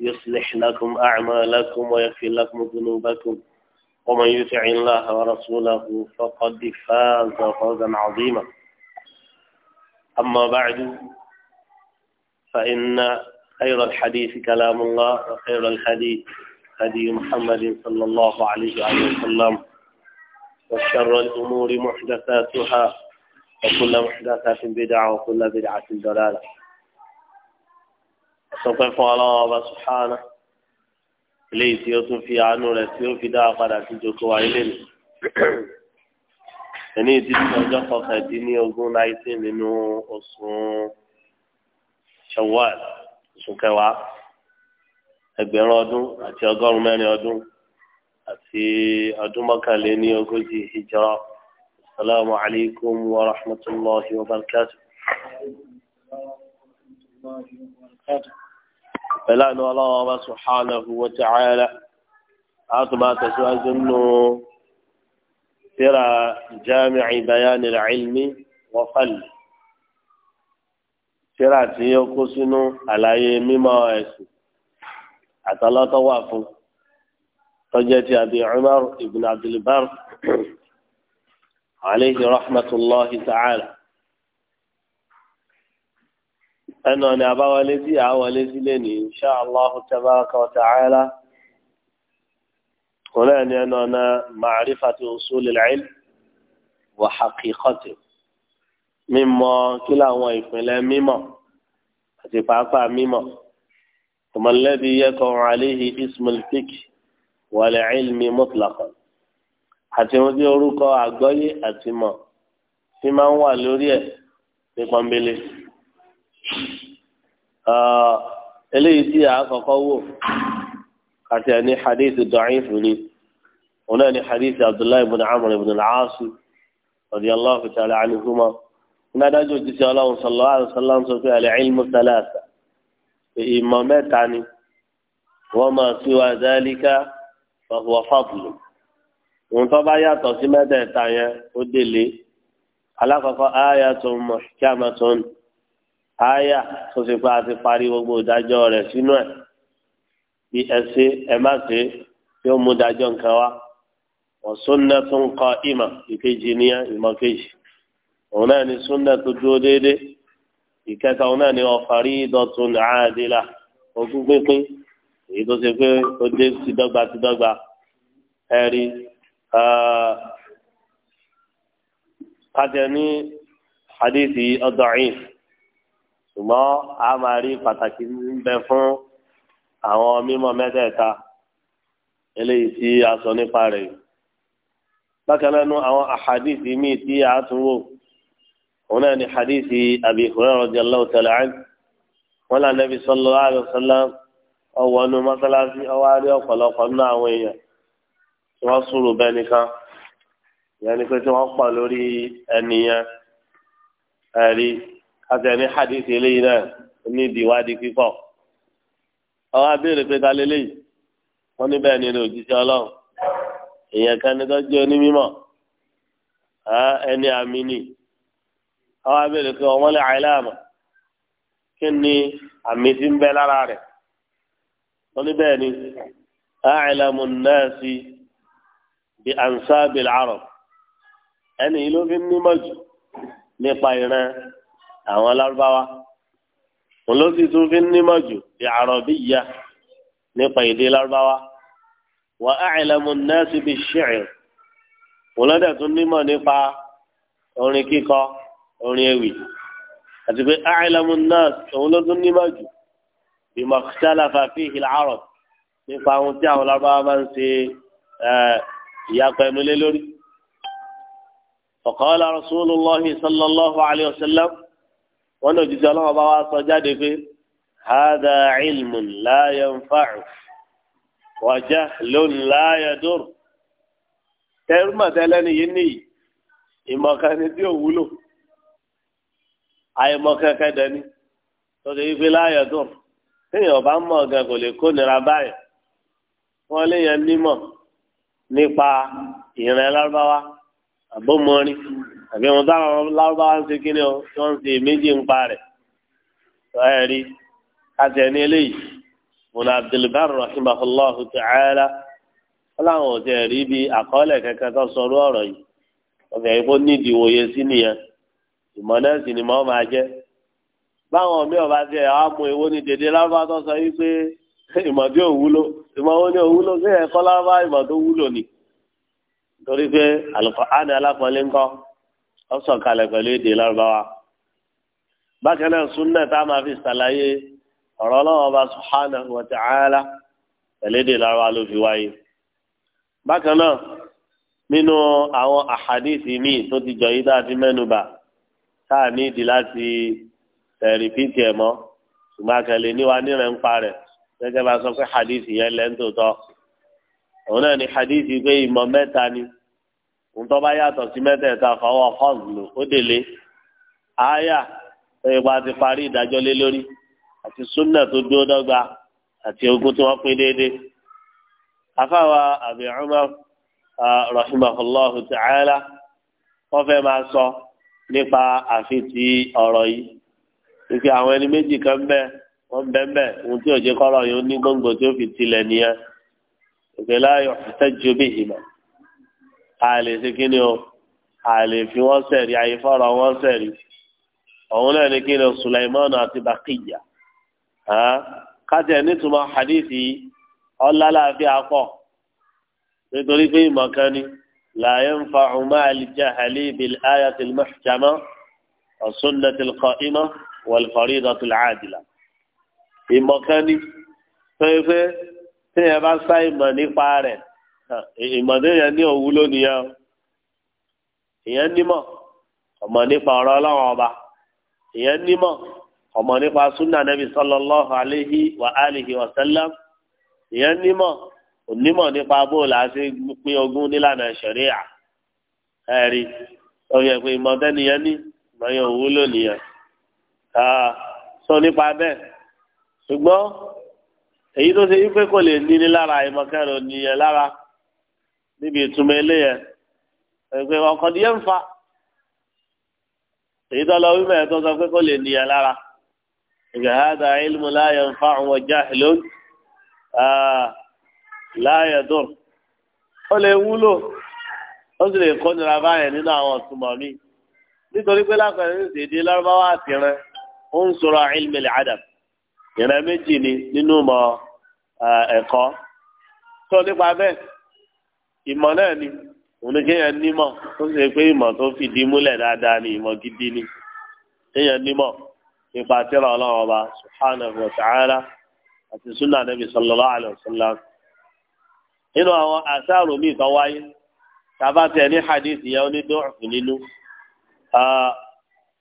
يصلح لكم أعمالكم ويغفر لكم ذنوبكم ومن يطع الله ورسوله فقد فاز فوزا عظيما أما بعد فإن خير الحديث كلام الله وخير الحديث هدي محمد صلى الله عليه وسلم وشر الأمور محدثاتها وكل محدثات بدعة وكل بدعة ضلالة sọpẹ́ fún ọlọ́wọ́ ọba sùhánà eléyìí tí ó tún fi àánú rẹ̀ tí ó fi dá padà sí jókòó wa ilé mi ẹni tí tí ọjọ́ kọkàndínlógún nineteen nínú oṣù Shawwal oṣù kẹwàá ẹgbẹ̀rún ọdún àti ọgọ́rùn-ún mẹ́rin ọdún àti ọdún mọ́kànléní ogójì hijra alaykum wa rahmatulahi wa barakatu pẹ̀láàánú ọlọ́run ọba subhanahu wa ta'ala a tún máa tẹ̀síwájú nínú tírà jami'i bayanil ilmi wa fali tírà tí ó kó sínú àlàyé mímọ̀ ẹ̀sìn àtàlọ́tọ̀ wà fún tọ́jẹ́ ti àbí Umar ibn Abdul Barr alayhi ta'ala. ẹnu ọ̀nà àbáwọlé sí àwọlé sílé ní insha Allah tabaraka wa ta'ala òun náà ni ẹnu ọ̀nà ma'rifati usulil ilm wa haqiqati mímọ̀ kí làwọn ìpínlẹ̀ mímọ̀ àti pàápàá mímọ̀ ọmọlẹ́bí yẹ́kọ̀ aléhi ismail fik wàlẹ̀ ilmi mutlaqan àti wọn tí orúkọ àgbọ́yé àti mọ̀ tí máa ń wà lórí ẹ̀ ní pọ́nbélé eléyìí tí a kọ́kọ́ wò àti ẹni hadith da'if ni òun náà ni hadith abdullahi ibn amr ibn al-aas radiyallahu ta'ala anhuma iná dájú òjijì ọlọ́run sallallahu alaihi wasallam sọ pé al-ilmu thalatha ìmọ̀ mẹ́ta ni wọ́n máa fi wá dhalika fa huwa fadlu òun tó bá yàtọ̀ sí mẹ́tẹ̀ẹ̀ta yẹn ó délé alákọ̀ọ́kọ́ ayatun muhkamatun aya tó ṣe pé a ti parí gbogbo ìdájọ́ rẹ̀ sínú ẹ̀ bí ẹ ṣe ẹ má ṣe tí ó mú dájọ́ nǹkan wá wọ́n súnná tó ń kọ ìmọ̀ ìkejì ní ìmọ̀ kejì òun náà ni súnná tó dúró déédé ìkẹta òun náà ni ọ̀fàrí ìdọ̀tún àádìlà ogún pínpín èyí tó ṣe pé ó dé ti dọ́gba ti dọ́gba ẹ̀rí kájẹ ní hadith ọ̀dọ̀ yìí ṣùgbọ́n a máa rí pàtàkì ń bẹ fún àwọn mímọ́ mẹ́tẹ̀ẹ̀ta eléyìí tí a sọ nípa rẹ̀ bákan náà nu àwọn àhàdìsí míì tí a tún wò òun náà ni hadithi Abi Hurairah radiyallahu ta'ala anhu wọn là Nabi sallallahu alaihi wasallam ọwọ́ nu mọ́sálásí ọwọ́ àrí ọ̀pọ̀lọpọ̀ nínú àwọn èèyàn tí wọ́n sùúrù bẹ́ẹ̀ nìkan ìyẹn ni pé tí wọ́n pọ̀ lórí ẹnìyẹn ẹ̀rí. àtẹ̀mí hadithi eléyìí náà ní ìdíwádìí fífọ̀. àwọn abéèrè pé ta lélẹ́yìí wọ́n ní ni ní òjíṣẹ́ ọlọ́run èèyàn kan ní tó jẹ́ onímọ̀ ẹni àmì ni abéèrè pé ọmọ lè àìláàmà kí ni àmì ti ń bẹ lára rẹ̀ ni Ha náà sí bí ẹni ìlú fi jù nípa àwọn alárúbáwá òun ló sì tún fi ń nímọ̀ jù bí àrọ̀bíyà nípa èdè lárúbáwá wà á ìlẹ̀mú nẹ́ẹ̀sì bíi ṣẹ́ẹ̀ òun lọ́dẹ̀ tún nímọ̀ nípa orin kíkọ orin ewì àti pé á ìlẹ̀mú nẹ́ẹ̀sì òun ló nímọ̀ jù bí mọ̀kítàlàfà fi ìhìlẹ̀ àrọ̀ nípa ohun tí àwọn lárúbáwá máa ń ṣe ìyapa ọ̀kọ́ la rasulillah sallallahu alayhi wa sallam wọn náà jíjẹ ọlọ́wọ́ bá wá sọ jáde pé hada ilmun la yanfa'u wa jahlun la yadur tẹrùmọ̀tẹ́ lẹ́nu yìí nìyí ìmọ̀kan ni tí ò wúlò àìmọ̀kan kẹ́dẹ̀ ni tọ́jú ife la yadur téèyàn bá gan kò lè kó nira báyìí wọ́n léèyàn nímọ̀ nípa ìran lárúbáwá àbómọ́rin àbí wọn táwọn lárúbáwá ń ṣe kíni o tí wọn ń ṣe méjì ń pa rẹ ẹ rí àti ẹni eléyìí mùnà abdulbar rahimahullahu ta'ala wọn làwọn ò tiẹ̀ rí bí àkọọ́lẹ̀ kankan tó sọrú ọ̀rọ̀ yìí wọn fẹ́ẹ́ kó nídìí wòye sí nìyẹn ìmọ̀ náà sì ni mọ́ máa jẹ́ báwọn mi ò bá tiẹ̀ á mú ewo ní dèdè lárúbá tó sọ yìí pé ìmọ̀ tí ò wúlò ìmọ̀ wo ni ò wúlò sí ẹ̀kọ́ lárúbá ìmọ̀ tó wúlò ni torí pé àlùkò àná alákọ̀ọ́lé ńkọ́ ọsàn kalẹ̀ pẹ̀lú èdè lárúbáwá bákan náà súnà tá a máa fi ṣàlàyé ọ̀rọ̀ ọlọ́wọ́ bá subhanahu wa ta'ala pẹ̀lú èdè lárúbáwá ló fi wáyé bákan náà nínú àwọn àhàdìsí míì tó ti jọ yìí tá a ti mẹ́nubà tá a ní ìdí láti tẹ̀rìpìtì eh, ẹ̀ mọ́ ṣùgbọ́n akẹ́lẹ́ níwa nírẹ̀ ń parẹ̀ gẹ́gẹ́ bá sọ pé hadith yẹn lẹ́ńtò tọ́ òun náà ni hadith pé ìmọ̀ mẹ́ta ni ntọ́ bá yàtọ̀ sí mẹ́tẹ̀ẹ̀ta fáwọn fọ́ọ̀lù ó délé àáyà ìpa ti parí ìdájọ́ lé lórí àti súnà tó dúró dọ́gba àti ogún tí wọ́n pín déédéé. afáwa àbí Umar rahimahullahu ta'ala wọ́n fẹ́ máa sọ nípa àfitì ọ̀rọ̀ yìí ìfi àwọn ẹni méjì kan bẹ́ẹ̀ wọ́n bẹ́ẹ̀ bẹ́ẹ̀ ohun tí òjò kọ́rọ̀ yìí ó ní gbòǹgbò tí ó fi tilẹ̀ nìyẹn ìgbéláyọ̀ fẹ́ ju ìmọ̀ a lè ṣe kíni o a lè fi wọn sẹrí àyè fọrọ wọn sẹrí òun náà ní kíni o Sulaiman àti Bakiya kájẹ nítumọ̀ hadithi ọlálàáfíà pọ nítorí pé ìmọ̀ kan ni la yanfa'u ma'al jahli bil ayati al muhkama wa sunnati al qa'imah wal faridati al 'adila ìmọ̀ kan ni pé pé tí ẹ bá sá ìmọ̀ nípa rẹ̀. ìmọ̀dé yẹn ní òwú lónìí yẹn ìyẹn nímọ̀ ọmọ nípa ọ̀rọ̀ ọlọ́run ọba ìyẹn nímọ̀ ọmọ nípa súnà nẹ́bí wa alihi wa ìyẹn nímọ̀ onímọ̀ nípa bóòlù àti pín ogún nílànà ṣẹ̀ríà ẹ̀rí ìmọ̀dé nìyẹn ní ìmọ̀ sọ nípa bẹ́ẹ̀ ṣùgbọ́n èyí tó ṣe kò lè níbi ìtumọ̀ eléyẹ ẹgbẹ́ ọkọ̀ díẹ̀ ń fa èyí tó lọ wíwẹ̀ tó sọ pé kó lè nìyẹn lára ìgbà hádà ilmu la yanfa'u wa jahilun la yadur ó lè wúlò ó sì lè kó nira báyẹn nínú àwọn ọ̀túnmọ̀ mi nítorí pé lápẹ̀rẹ̀ ní ìdí lárúbáwá àti ó ń sọ̀rọ̀ ilmi al ìrẹ́ méjì ni nínú mọ̀ ẹ̀kọ́ tó nípa bẹ́ẹ̀ ìmọ̀ náà ni òun ni kéèyàn nímọ̀ tó ṣe pé ìmọ̀ tó fìdí múlẹ̀ dáadáa ni ìmọ̀ gidi ni kéèyàn nímọ̀ nípa tírà ọlọ́run ọba subhanahu wa ta'ala àti sunna nabi sallallahu alayhi wa sallam nínú àwọn àṣàrò míì tó wáyé tàbá tẹ̀ ní hadith yẹn ó ní dọ́ọ̀fù nínú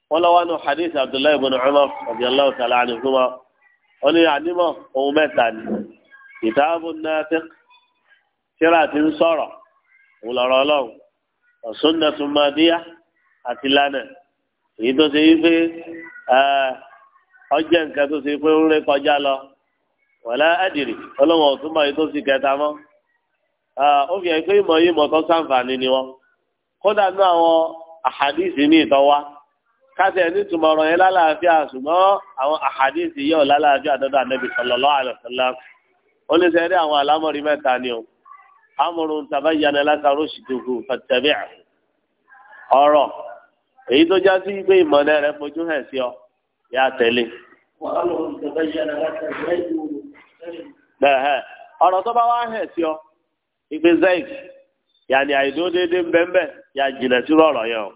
wọn lọ wá nù hadith abdullahi ibn umar radiyallahu ta'ala anhu wọn ni ànímọ̀ ohun mẹ́ta ni kitaabun naatiq tíra ti ń sọ̀rọ̀ òwúlọ̀rọ̀ ọlọ́run ọ̀sùnà tó máa díyà àti lánà èyí tó ṣe wípé ọjọ́ nǹkan tó ṣe pé ń ré kọjá lọ wọ̀lá ẹ̀dìrì ọlọ́run ọ̀tún mọ̀ èyí tó sì kẹta mọ́ ó fi hàn pé ìmọ̀ yìí mọ̀ tó sàǹfààní ni wọn kódà ní àwọn àhàdìsì ní ìtọ́wá káṣí ẹni túmọ̀ ọ̀rọ̀ yẹn lálàáfíà ṣùgbọ́n àwọn àhàdìsì yóò lálàáfíà dọ́dọ̀ ànábì sallallahu alaihi wasallam ó ní sẹ́rí àwọn àlámọ̀rí mẹ́ta ni o. amúrun tabayyana laka rushduhu fattabi'hu ọ̀rọ̀ èyí tó já sí pé ìmọ̀lẹ́ rẹ fojú hàn sí ọ yá tẹ̀lé. ọ̀rọ̀ tó bawa wá hàn sí ọ ìpè zayik ya àìdó déédéé ń mbembe ya yà jìnà sí ọ̀rọ̀ yẹn o.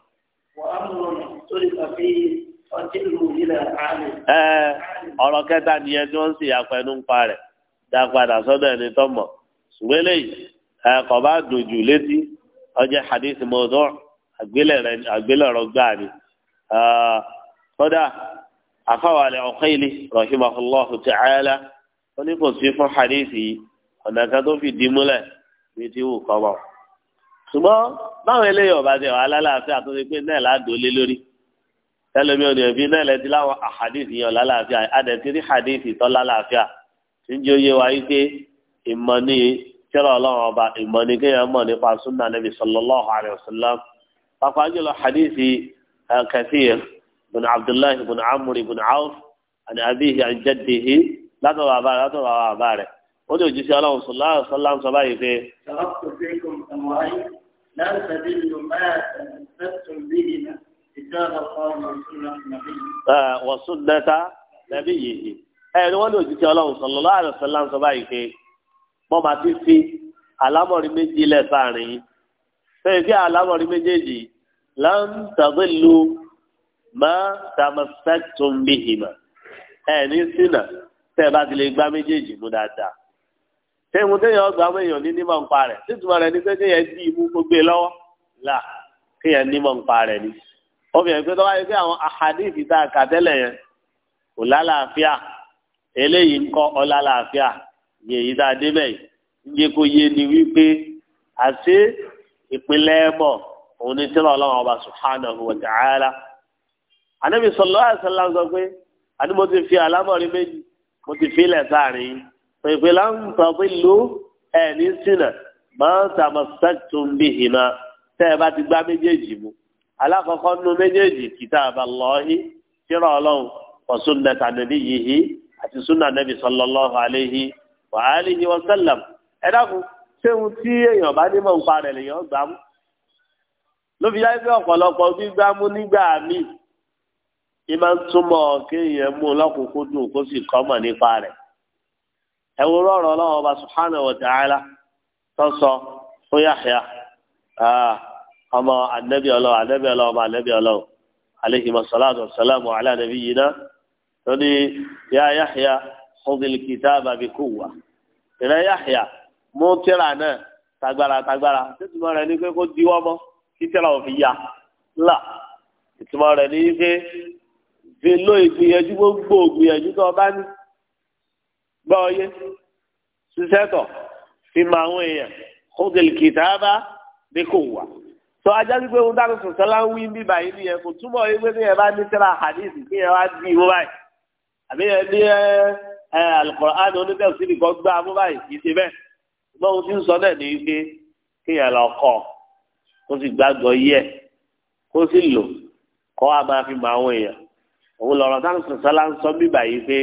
ọ̀rọ̀ kẹta nìyẹn tí wọ́n sì yà pẹ̀lú ń dá padà sọ́dọ̀ ẹni mọ̀ ṣùgbọ́n eléyìí. ẹ̀kọ́ bá dojú létí ọjọ́ hadith mọ́tò àgbélẹ̀rọ gbáà ni. kódà àfáwàlẹ̀ ọ̀kẹ́lẹ̀ rahimahullahu ta'ala ó ní kò sí fún hadith yìí ọ̀nà kan tó fi dimúlẹ̀ bí ti wù kọ́ bọ̀. ṣùgbọ́n báwọn eléyìí ọba ti wà lálàáfíà tó ti pé náà ládòó lé lórí tẹlẹmi ọ̀nà ẹ̀bí náà lẹ́ti láwọn àhadìsì yẹn lálàáfíà adẹ̀tí rí tọ́ lálàáfíà tí oyé wa yìí pé ìmọ̀ ni kíra ọlọ́run ọba ìmọ̀ ni kéèyàn mọ̀ nípa sunna nabi sallallahu alayhi wa sallam pàápàá jùlọ hadithi kathir bin abdullahi bin amuri bin awf àti abihi àti jaddihi látọ̀rọ̀ àbá rẹ̀ látọ̀rọ̀ àwọn àbá rẹ̀ ó ní òjíṣẹ́ ọlọ́run sallallahu alayhi wa sallam sọ báyìí pé. wọ́n sún dẹ́ta nàbí yìí ẹ̀ ni wọ́n ní òjíṣẹ́ ọlọ́run sallallahu alayhi sọ báyìí pé wọ́n máa fi fi àlámọ̀rí méjì lẹ̀ sáàrin yìí sẹ́yìn kí àlámọ̀rí méjèèjì láǹtàbílù má tàmásẹ́tùm bìhìmà ẹ̀ ní sínà tẹ́ ẹ bá ti lè gbá méjèèjì mú dáadáa ṣé ìwọ̀n téèyàn ọgbà àwọn èèyàn ní nímọ̀ nípa rẹ̀ títúmọ̀ rẹ̀ ní pé kéèyàn dí imú kó gbé e lọ́wọ́ là kéèyàn nímọ̀ nípa rẹ̀ ni obìnrin pé tọ́wáyé pé àwọn àhàdíìsì tá a kà tẹ́lẹ̀ yẹn kò lálàáfíà eléyìí ń kọ́ ọ lálàáfíà yẹ èyí tá a dé bẹ́ẹ̀ yẹ kó yé ni wípé àti ìpínlẹ̀ ẹ̀bọ̀ òun ni tẹ́lẹ̀ ọlọ́run ọba subhanahu wa ta'ala. ànábì sallallahu alaihi wasallam sọ pé mo ti fi àlámọ̀rí méjì mo ti fi ilẹ̀ sáàrin pèpè láǹtọ̀ pé ló ẹ̀ ní sínà máa ń tamassaktum bihima tẹ́ ẹ bá ti gbá méjèèjì mu alákọ̀ọ́kọ́ méjèèjì àti wa alihi wa sallam ẹ dákun ṣé ohun tí èèyàn bá dé mọ̀ ń parẹ̀ lèèyàn gbà mú ló fi yáyé pé ọ̀pọ̀lọpọ̀ gbígbá mú nígbà míì ní máa ń túmọ̀ kéèyàn mú lọ́kùnkúndùn kó sì kọ́mọ̀ nípa rẹ̀ ẹ wo rọrọ Ọlọ́run ọba subhanahu wa ta'ala tó sọ fún Yahya ọmọ anabi Ọlọ́run anabi Ọlọ́run ọmọ anabi Ọlọ́run aleyhi masalatu wasalamu ala nabiyina tó ní yá Yahya khudhil kitaba bi quwwa ìrẹ́ Yahya mú tíra náà tagbára tagbára títúmọ̀ rẹ̀ ní pé kó diwọ́ mọ́ kí tíra òfin ya ńlá ìtumọ̀ rẹ̀ ní pé fi lo ìgbìyànjú gbogbo ìgbìyànjú tó o bá ní gbọ́ ọyé ṣiṣẹ́ tọ̀ fi máa ń èèyàn khudhil kitaba bí kò wà. sọ ajá sí pé dáná sọ̀tọ́ láwí ń bí báyìí nìyẹn kò túbọ̀ yí pé ní ẹ bá ní tíra hadith kí ẹ wá di ìwọ báyìí àbí ẹ ní ẹ ẹ alukọ̀rán oníbẹ̀rù síbi kan gbá mú báyìí kì í ṣe bẹ́ẹ̀ ṣùgbọ́n ohun tí ń sọ náà ní pé kéèyàn lọ kọ́ kó sì gbàgbọ́ yẹ kó sì lò kó a máa fi mọ àwọn èèyàn òun lọ̀rọ̀ táwọn sọ̀sọ́ la ń sọ bí báyìí pé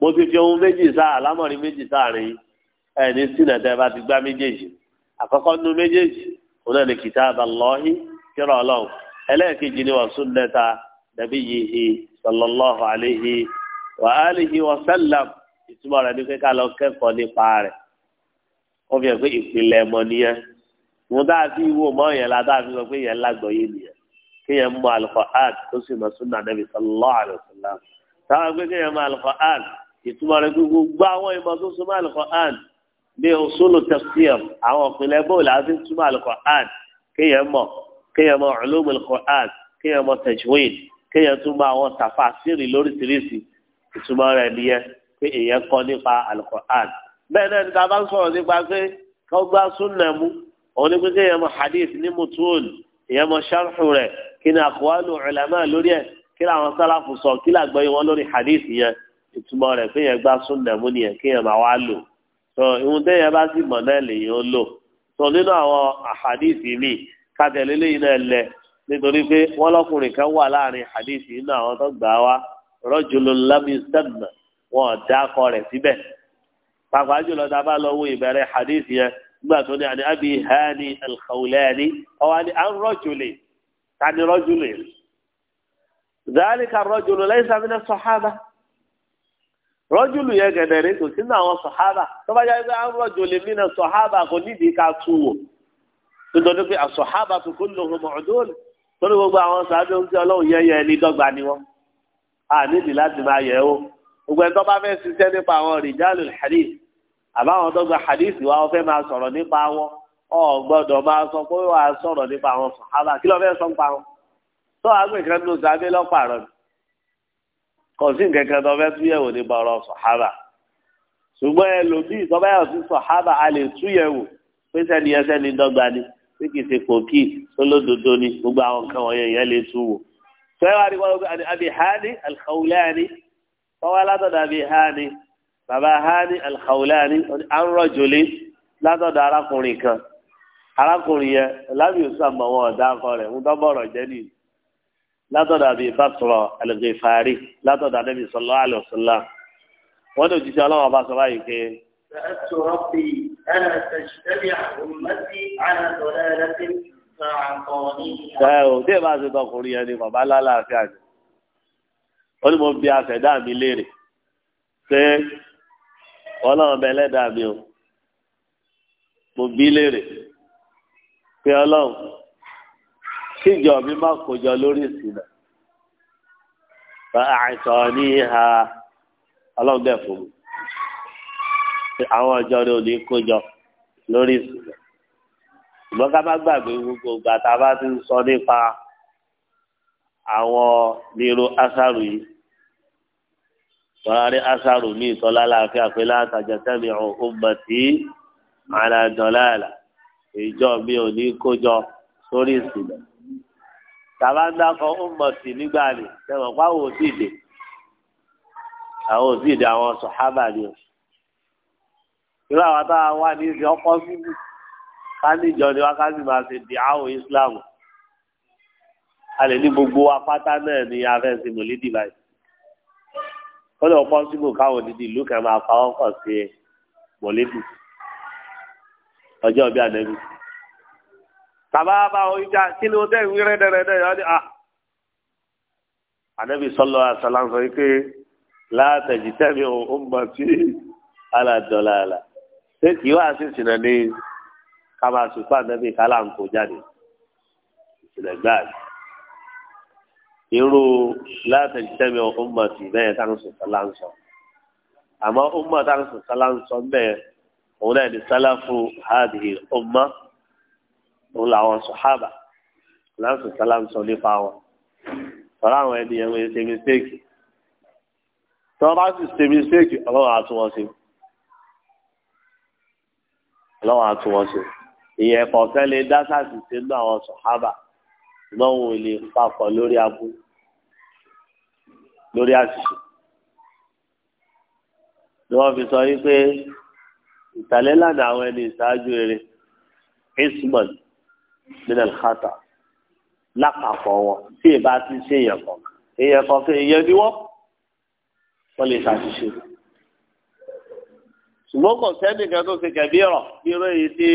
mo ti fi ohun méjì sáà alámọ̀rin méjì sáàrin ẹ̀ ní sínà bá ti gbá méjèèjì àkọ́kọ́ nu méjèèjì òun náà ní kitaballahi kíra ọlọ́run ẹlẹ́ẹ̀kejì ni wọ́n sunnata nabiyihi sallallahu alayhi wa alihi wa sallam ìtumọ̀ rẹ̀ ní pé ká lọ kẹ́kọ̀ọ́ nípa rẹ̀ wọ́n fi hàn pé ìpìlẹ̀ ẹ̀mọ́ nìyẹn mo dáa sí ìwò mọ́ yẹn la dáa fi sọ pé yẹn lágbọ̀ yé nìyẹn kéèyàn mú al-Qur'an tó sì mọ̀ súnà Nabi sallallahu alaihi táwọn pé kéèyàn mú al-Qur'an ìtumọ̀ rẹ̀ gbogbo gbọ́ àwọn ìmọ̀ tó so mọ́ al-Qur'an bí usulu tafsir àwọn ìpìlẹ̀ bóòlù àti túmọ̀ al-Qur'an kéèyàn mọ̀ kéèyàn mọ̀ ulumul Qur'an kéèyàn mọ̀ tajwid kéèyàn tún mọ̀ àwọn tàfàsírì lóríṣiríṣi ìtumọ̀ rẹ̀ nìyẹn pé èèyàn kọ́ nípa alukur'an bẹ́ẹ̀ náà níta bá ń sọ̀rọ̀ nípa pé kọ́ gbá súnà mú òun ni pé kéèyàn mọ hadith ní mutuun èèyàn mọ sharhu rẹ̀ kí ni àkọwálù ulama lórí ẹ̀ kí ni àwọn sálàfù sọ kí ni àgbọ́yé wọn lórí hadith yẹn ìtumọ̀ rẹ̀ pé yẹn gbá súnà mú nìyẹn kéèyàn máa wá lò tó ìhun téèyàn bá sì mọ̀ náà lèyìn ó lò tó nínú àwọn hadith mi kátẹ́lélẹ́yìn náà lẹ nítorí pé wọ́n lọ́kùnrin kan wà láàrin hadith nínú àwọn tó gbà wá rọ́jòló lámìsẹ́mù wọn dá akọ rẹ̀ síbẹ̀ pàápàá jùlọ tá a bá lọ wo ìbẹ̀rẹ̀ hadith yẹn nígbà tó ní àní abi hani alkhawlani ọwọ́ àni à ń rọ́jòlè ta ni rọ́jòlè zaalika rọ́jòlè lẹ́yìn sábẹ́ sọ̀hábà rọ́jòlù yẹn gẹ̀dẹ̀rẹ́ kò sínú àwọn sọ̀hábà tó bá yá pé à ń rọ́jòlè kò nídìí ká tú wò nítorí pé àsọ̀hábà tó kó lóhùn mọ̀ọ́dún torí gbogbo àwọn sàbẹ̀ oúnjẹ ọlọ́run yẹ́yẹ́ ní dọ́gba ni wọ́n a nídìí láti máa yẹ̀ o gbogbo ẹni tó bá fẹ́ ṣiṣẹ́ nípa àwọn rìjálù hadith àbáwọn tó gba hadith wa wọ́n fẹ́ máa sọ̀rọ̀ nípa wọn ọ gbọ́dọ̀ máa sọ pé wàá sọ̀rọ̀ nípa àwọn sàhábà kí ló fẹ́ sọ nípa wọn tó agbèkan ló sábẹ́ lọ́pàrọ̀ ni kò sí nǹkan kan tó fẹ́ túyẹ̀wò nípa ọ̀rọ̀ sàhábà ṣùgbọ́n ẹlòmíì tó bá yọ̀ sí sàhábà a lè túyẹ̀wò pé sẹ́ni ẹsẹ́ ni dọ́gba ni pé kì ṣe kòkì tó lódodo ni gbogbo àwọn nǹkan wọ̀nyẹn yẹn lè tú wò sẹ́wà ni wọ́n ní abi hani alkhawlani wọ́n wá látọ̀dọ̀ abi hani baba hani alkhawlani anrọ̀jòlé látọ̀dọ̀ arákùnrin kan arákùnrin yẹn lábì òsàmọ̀ wọn ọ̀dà akọ rẹ̀ ń dọ́bọ̀rọ̀ jẹ́ nìyí látọ̀dọ̀ abi basra alghifari látọ̀dọ̀ anabi sallallahu alaihi wasallam wọ́n tó jíjẹ́ ọlọ́wọ́ bá sọ báyìí pé. sa'adtu rabbi ana tajtami ummati ala dalalati ẹ ò tí ì bá ṣe tọkùnrin yẹn ni bàbá lálàáfíà ni ó ní mo bi àṣẹdá mi léèrè pé ọlọ́run bẹ lẹ́dàá mi o mo bi léèrè pé ọlọ́run kíjọ mi má kójọ lórí ìsìnà àìsàn ní ọlọ́run bẹ̀ fún mi àwọn ọjọ́ rẹ ò ní kójọ lórí ìsìnà ṣùgbọ́n ká má gbàgbé gbogbo ìgbà tá a bá ti ń sọ nípa àwọn nírú asaru yìí tọ́lárí asaru mi ìtọ́lá láàfin àpélá àtàjà tẹ́mi ọ̀hún ummati ala dalala ìjọ mi ò ní kójọ sórí ìsìlẹ̀ tàbá ń dákọ̀ ummati nígbà ni tẹ̀wọ̀n pa àwọn òsì dè àwọn òsì dè àwọn sọ̀hábà ni o. ìlú àwọn táwa wà ní ìsìn ọkọ̀ bíbí kánìjọ ni wákàtí máa ṣe di àwọn islam a lè ní gbogbo apáta náà ní afẹ́sí mòlídìí báyìí kọ́lẹ̀ ọ̀pọ̀ síbò káwọn òdìdí ìlú kan máa fa ọkọ̀ sí mòlídìí ọjọ́ bí ànẹ́bí tàbá bá wọn ìjà kí ni wọ́n tẹ́ ìwé rẹ́dẹ̀rẹ́dẹ̀ yọ ni à ànẹ́bí sọ́lọ́ àṣàlàǹsọ̀ yìí pé látẹ̀jì tẹ́mi ò ń mọ̀ sí aládọ́lá àlà ṣé kì í wá sí ìsìnà ní ká máa Nabi fún ànábì kálá ń kó jáde ìṣẹ̀lẹ̀ gbáà irú láti tẹ́mi ọmọ tì bẹ́ẹ̀ táwọn sùn sálá ń sọ àmọ́ ọmọ táwọn sùn sálá ń sọ bẹ́ẹ̀ òun náà ní sálàfù hádìí ọmọ òun làwọn sọ̀hábà láti sálá ń nípa wọn sọ̀rọ̀ àwọn ènìyàn wọ́n ṣe mistéèkì tọ́ bá sì ṣe mistéèkì ọlọ́run àtúnwọ́n ṣe ọlọ́run ìyẹn kọ̀ọ̀kan lè dá sàṣìṣe ní àwọn sọ̀hábà lọ́wọ́ lè papọ̀ lórí abú lórí àṣìṣe. ni wọ́n fi sọ yí pé ìtàlẹ́ lánàá àwọn ẹni ìṣáájú eré isman minal khata lápapọ̀ wọn tí ì bá ti ṣe èèyàn kan èèyàn kan fún bí wọ́n wọ́n lè ṣàṣìṣe. ṣùgbọ́n kò sẹ́nìkan tó ṣe kẹ̀bí ọ̀rọ̀ bí irú èyí tí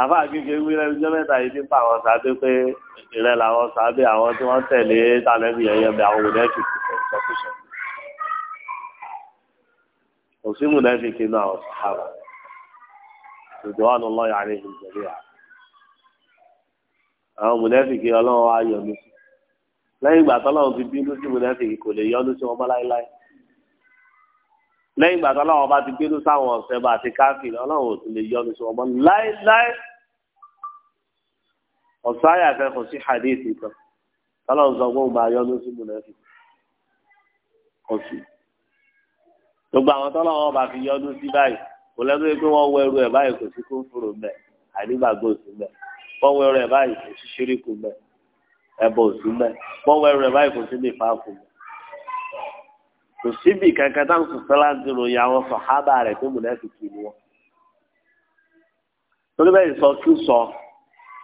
àfa àgbègbè wí lẹ́nu jẹ́ yìí ti ń pa àwọn sábẹ́ pé ìrẹ́ làwọn sábẹ́ àwọn tí wọ́n tẹ̀lé tàlẹ́bì ẹ̀yẹ bẹ àwọn mùnẹ́fì kìkìkì kò sí mùnẹ́fì kì náà sàhábà ṣùgbọ́n wọn lọ yàrá ìlú ìjẹ̀lẹ̀ yà àwọn mùnẹ́fì kì ọlọ́run ayọ̀ mi lẹ́yìn ìgbà tọ́lọ́run ti bínú sí mùnẹ́fì kì kò lè yọ́nú sí wọn mọ́ láéláé lẹ́yìn ìgbà tó ọlọ́run bá ti gbénú sáwọn ọ̀sẹ̀ bá ti káfí ọlọ́run ò sì lè yọ ní sọmọ láéláé ọ̀sán àyàfẹ́ kò sí hadithi kan ọlọ́run sọ pé ó máa yọ ní sí mùnẹ́fì kò sí. gbogbo àwọn tó ọlọ́run bá fi yọ ní sí báyìí kò lẹ́nu pé wọ́n wọ ẹrú ẹ̀ báyìí kò sí kó fòrò mẹ́ àdìgbàgbọ́ sí mẹ́ wọ́n wọ ẹrú ẹ̀ báyìí kò sí ṣíríkù mẹ́ ẹ̀bọ̀ sí mẹ́ wọ́n wọ ẹrú ẹ̀ báyìí kò sí nífà kù mẹ́ kò síbi kankan táwọn sọ̀tọ́lá ń dúró ya wọn sọ hábà rẹ̀ pé mùnáfíkì ni wọn. torí bẹ́ẹ̀ sọ kí sọ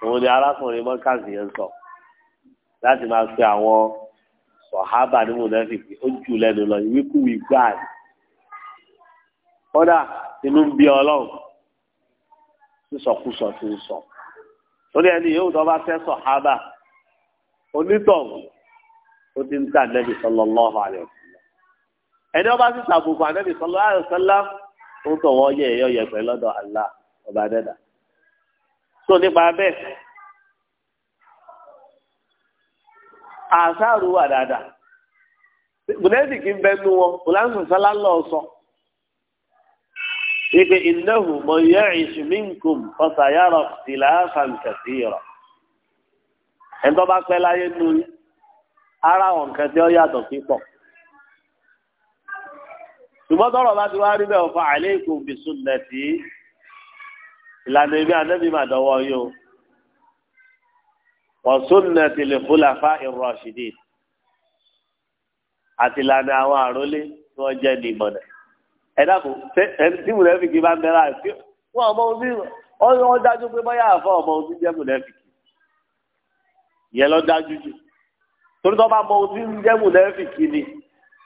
òun ni arákùnrin mọ́kàsì yẹn sọ láti máa fi àwọn sọ̀hábà ní mùnáfíkì ó jù lẹ́nu lọ ìwíkúwì gbáà ni. kódà inú ń bí ọlọ́run sísọkúsọ tí ń sọ. torí ẹni yóò tó bá fẹ́ sọ̀hábà onítọ̀hún ó ti ń tà Nábì sallallahu alaihi ẹni ọba sì sàbùkù ànábì sallallahu alaihi wasallam ń tọ̀ wọ́n yẹ ẹ̀yọ́ yẹpẹ̀ lọ́dọ̀ Allah ọba dẹ́dà tó nípa bẹ́ẹ̀ àṣàrò wà dáadáa bùnẹ́sì kì í bẹnu wọn bùnẹ́sì sọlá lọ sọ ipe innahu man ya'ish minkum fasayara ikhtilafan kathira ẹ̀ńtọ́ bá pẹ́ láyé nù ara ọ̀nkẹ́ tí ó yàtọ̀ pípọ̀ ṣùgbọ́n tọrọ bá ti wá rí bẹ́ẹ̀ fa alaykum bi sunnati ìlànà ìbí anábì máa dọwọ́ yóò wa sunnati lil khulafa'ir rashidin àti ìlànà àwọn àrólé tí wọ́n jẹ́ ní ìmọ̀nà ẹ dákò tí mùnẹ́fìkì bá ń bẹ̀rẹ̀ àti wọn ọmọ òbí wọn dájú pé bọ́yá àfọ ọmọ òbí jẹ́ mùnẹ́fìkì yẹ lọ dájú jù torí tó bá mọ òbí jẹ́ mùnẹ́fìkì ni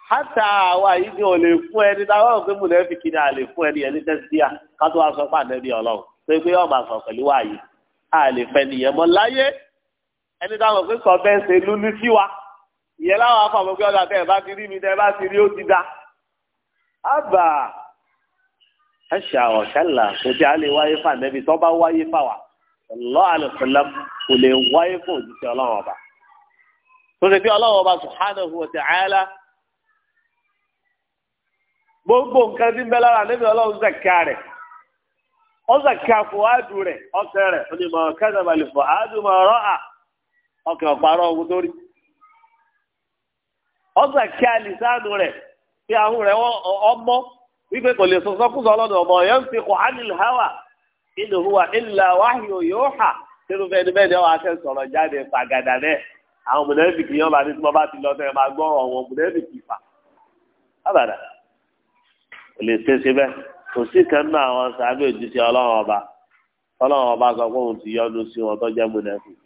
hátà àwa yìí ni ò lè fún ẹni táwọn òfin múlẹ̀ fi kiri àlè fún ẹni ẹni tẹ́sítíà kátó wá sọ pé ànẹ́bí ọlọ́run pé pé ọmọ àsọ pẹ̀lú wáyé a lè fẹ́ nìyẹn mọ́ láyé ẹni táwọn òfin sọ bẹ́ẹ̀ ṣe lúlú sí wa ìyẹn láwọn afọmọ pé ọjà tẹ́ ẹ bá ti rí mi tẹ́ ẹ bá ti rí ó ti da. àbà ẹ̀ṣà ọ̀ṣẹ́là kò a lè wáyé fún ànẹ́bí tó bá wáyé fáwa lọ́ àlùfẹ́lẹ́m kò lè wáyé fún òjíṣẹ́ ọlọ́run ọba. tó ṣe pé ọlọ́run ọba subhanahu wa gbogbo nǹkan tí ń bẹ lára níbi ọlọ́run zàkíá rẹ̀ ó zàkíá fòádùn rẹ̀ ọkẹ́ rẹ̀ onímọ̀ kẹ́sàbàlì fòádùn mọ̀ ọ̀rọ̀ à ọkẹ́ ọ̀pàrọ̀ ọ̀hún tó rí ó zàkíá rẹ̀ ọmọ wípé kò sọsọ ọlọ́dún ọmọ ń hawa huwa nínú bẹ́ẹ̀ ni sọ̀rọ̀ jáde àwọn bá ní tí wọ́n bá ti lọ sẹ́yìn máa gbọ́ ọ̀wọ́n fà lè ṣe ṣe bẹ́ẹ̀ kò sí kan náà àwọn sàbẹ̀ òjíṣẹ́ ọlọ́run ọba ọlọ́run ọba sọ pé òun ti si sí wọn tó jẹ́ mùnàfíkì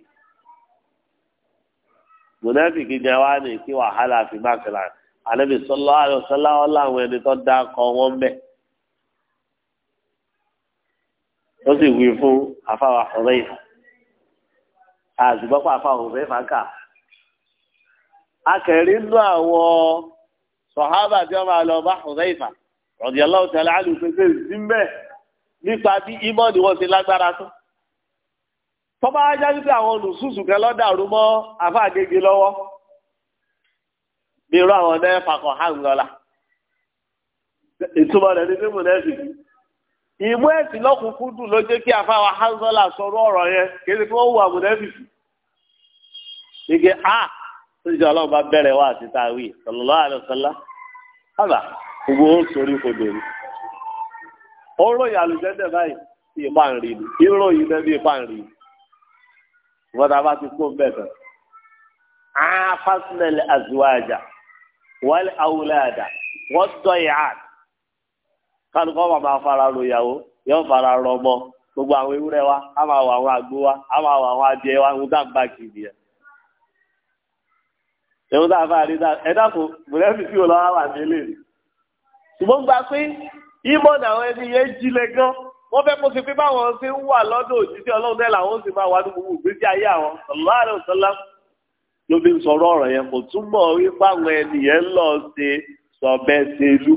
mùnàfíkì jẹ́ wá ní kí wàhálà fi má kìlà ànábì sọlá àyọ̀sọ́lá ọláwọn ẹni tó dá kọ wọn bẹ́ẹ̀. ó sì wí fún àfáwà ọ̀rẹ́ yìí àṣùgbọ́pọ̀ àfáwà ọ̀rẹ́ fàákà akẹ̀rí nínú àwọn sọ̀hábà tí wọ́n máa lọ bá ọ̀rẹ́ rọ̀dì aláwọ̀ tí aláàlú pèsè zimbe nípa bí imọ́ ni wọ́n ti lágbára tó. tọ́ba ajá wípé àwọn olùsùsù kẹ lọ́dàrú mọ́ afá àgègè lọ́wọ́ bí irú àwọn náà fakọ̀ hàn lọ́la. ìtumọ̀ rẹ̀ ní mímu náà fi ìmú ẹ̀sìn lọ́kùnkún dùn ló jẹ́ kí afáwa hanzọ́là sọ̀rọ̀ ọ̀rọ̀ yẹn kí kí wọ́n wù àmúnẹ́bì sí. ike a tó ọlọ́run bá bẹ̀rẹ̀ wá àti táwí sallallahu alaihi wasallam. gbogbo ó sórí ó ròyìn àlùjẹ́dẹ̀ báyìí sí ń rí ni ìròyìn náà bí ń rí ni wọ́n bá ti kó bẹ́ẹ̀ tán áfásínẹ́lì àzùwájà wálé awúláàdà wọ́n tọ́ ìhà kálukọ́ máa fara ro yóò fara gbogbo àwọn ewúrẹ́ wa á máa wọ àwọn àgbo wa á máa wọ àwọn adìẹ wa ń tí lọ́wọ́ wà nílé ṣùgbọ́n gba pé ìmọ̀ làwọn ẹni yẹn jílẹ̀ gan wọ́n fẹ́ kó ṣe pé báwọn ṣe ń wà lọ́dọ̀ òjíṣẹ́ ọlọ́run náà làwọn sì máa wà ní gbogbo ìgbésí ayé àwọn ọ̀làrẹ̀ ọ̀sọ́lá ló fi ń sọ̀rọ̀ ọ̀rọ̀ yẹn kò túmọ̀ wípé àwọn ẹni yẹn lọ ṣe sọ̀bẹ́ ṣèlú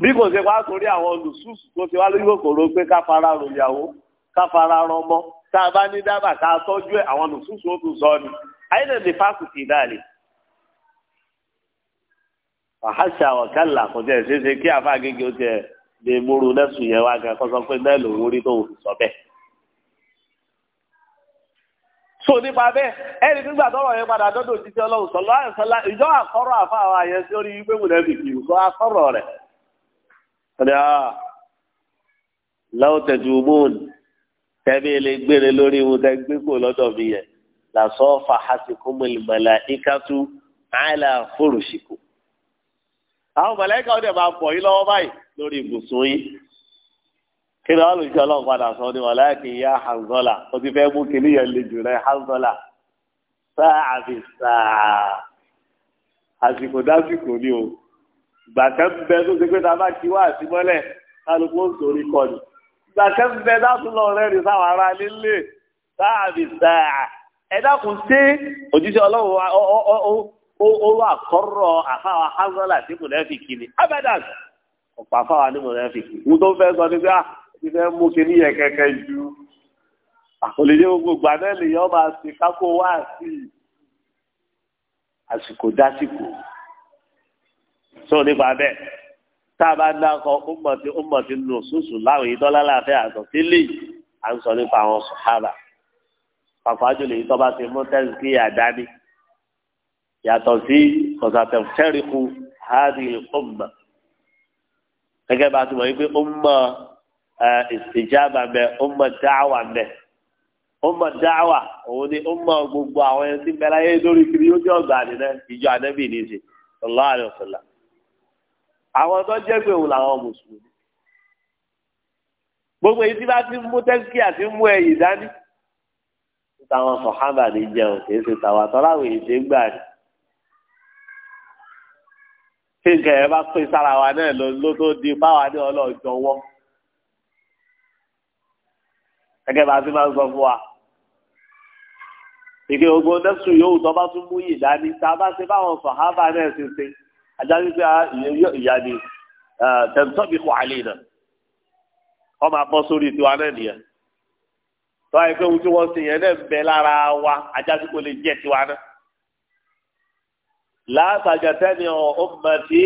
bí kò ṣe wá sórí àwọn olùsùsù tó ṣe wá lórí kòkòrò pé ká fara rò ìyàwó ká fara rọmọ tá a bá ní dábàá ká tọ́jú àwọn olùsùsù ó tún sọ ni àyẹ̀dẹ̀ àhàṣà ọ̀kàlà kò tẹ̀ ṣe é ṣe kí àfa gègé ó tiẹ̀ lè múru lẹ́sùn yẹn wá gan kọ́sọ́ pé bẹ́ẹ̀ lòun rí tó òfin sọ bẹ́ẹ̀. so nípa bẹ́ẹ̀ ẹni nígbà tọrọ yẹn padà dọ́dọ̀ jíjẹ́ ọlọ́run sọlá ìṣọlá ìjọ àkọ́rọ̀ àfa àwọn àyẹn sí orí wípé wùdẹ́ bìbì sọ àkọ́rọ̀ rẹ̀. láwọn tẹ̀jú mún tẹ́bí ilé gbére lórí ihun tẹ́ gbé kò lọ́dọ̀ mi yẹn làṣọ́ fàhásìkúmọ̀lì àwọn mọ̀lẹ́kà ọdẹ máa pọ̀ yín lọ́wọ́ báyìí lórí ibùsùn yín kí ni wọn lè ṣe Ọlọ́run padà sọ ni wọn láàkì ya hanzọlà ó ti fẹ́ mú kínní yẹn le jù rẹ hanzọlà sáà sáà àsìkò dásìkò ni o gbàtẹ́ ń bẹ tó ṣe pé ta bá ti wá àtìmọ́lẹ̀ kálukú ó sórí kọ ni gbàtẹ́ ń bẹ dákun lọ rẹ ní sáwọn ará nílé sáà sáà ẹ dákun sí òjíṣẹ́ Ọlọ́run ó wà kọ́rọ̀ àfáwà hanzala tí mùnẹ́fìkì ni abadan ọ̀pọ̀ àfáwà ní mùnẹ́fìkì mo tó fẹ́ sọ ní pé ah ti fẹ́ mú kíní yẹn kẹ́kẹ́ ju àkọlẹ́yẹ gbogbo gbà náà lèyàn máa ṣe kákó wá sí i àsìkò dásìkò sọ nípa bẹ́ẹ̀ tá a bá ń dákọ ọmọdé ọmọdé nù sùsù láwọn èyí tọ́lá láfẹ́ àtọ̀ sílẹ̀ à ń sọ nípa àwọn sọ̀hábà pàpàjọ lèyí tó bá ti mú tẹ́sí àdáni yàtọ̀ sí ọ̀sàtẹ̀ fẹ́ríkù hádì ọ̀mà gẹ́gẹ́ bá a ti mọ̀ yí pé ọmọ ìsìjáàbà mẹ́ ọmọ dáwà mẹ́ ọmọ dáwà òun ni ọmọ gbogbo àwọn ẹni tí mẹ́ra yé lórí kiri yóò jẹ́ ọ̀gbà nínú ìjọ anẹ́bì ní ìsìn ọ̀lá àrẹ ọ̀sọ̀lá àwọn tó jẹ́ pé òun làwọn mùsùlùmí gbogbo èyí tí bá ti mú tẹ́síkì àti mú ẹ̀yìn dání táwọn sọ̀hábà ní jẹun kì í ṣe tàwọn àtọ́láwò èdè gbà tí nǹkan ẹ̀ bá pín sára wa náà ló tó di báwa ní ọlọ́ọ̀jọ́ wọ́. gẹ́gẹ́ bá a ti máa ń sọ fún wa. ìgbé ogun nẹ́sùn yòówù tó bá tún mú yìí dání tá a bá ṣe báwọn sọ̀hábà náà ṣe ṣe ajáde pé ìyá ni tẹ̀sán kò àlè náà wọ́n máa bọ́ sórí tiwa náà nìyẹn tọ́ àìpé ohun tí wọ́n ṣe yẹn náà ń bẹ lára wa ajáde kò lè jẹ́ tiwa náà látàjà tẹ́ni ọmọ tí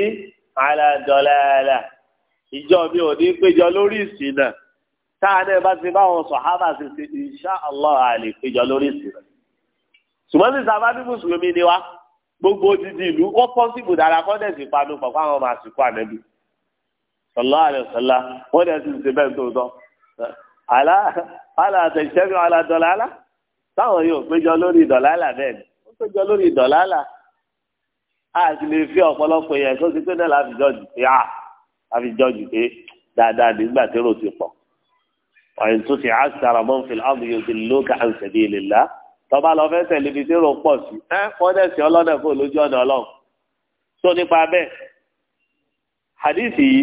aládọ́láàlà ìjọ mi ò ní péjọ lórí ìsìnà táàdé bá ti báwọn sọ̀hábà sì ti insha Allah àlè péjọ lórí ìsìnà. ṣùgbọ́n ní sábà ní mùsùlùmí ni wá gbogbo odidi ìlú ó pọ́ sí ibùdára kọ́ńdẹ̀sì panu pọ̀ fáwọn ọmọ àsìkò ànẹ́bí. sọlá àlẹ́sọlá wọ́n dẹ̀ sì ṣe a sì lè fi ọ̀pọ̀lọpọ̀ yẹn tó ti pé náà láfi jọ́jú pé a láfi jọ́jú pé dáadáa nígbà tẹ́rọ ti pọ̀ ọ̀yìn tó ti àṣàrà mọ́ fi láàbù yóò ti ló ká à ń sẹ̀dí ilé ńlá tọ́ba lọ fẹ́ tẹ̀lé ibi tẹ́rọ pọ̀ sí ẹ wọ́n dẹ̀ sí ọlọ́dẹ fún olójú ọ̀dọ̀ ọlọ́run tó nípa bẹ́ẹ̀ hadithi yìí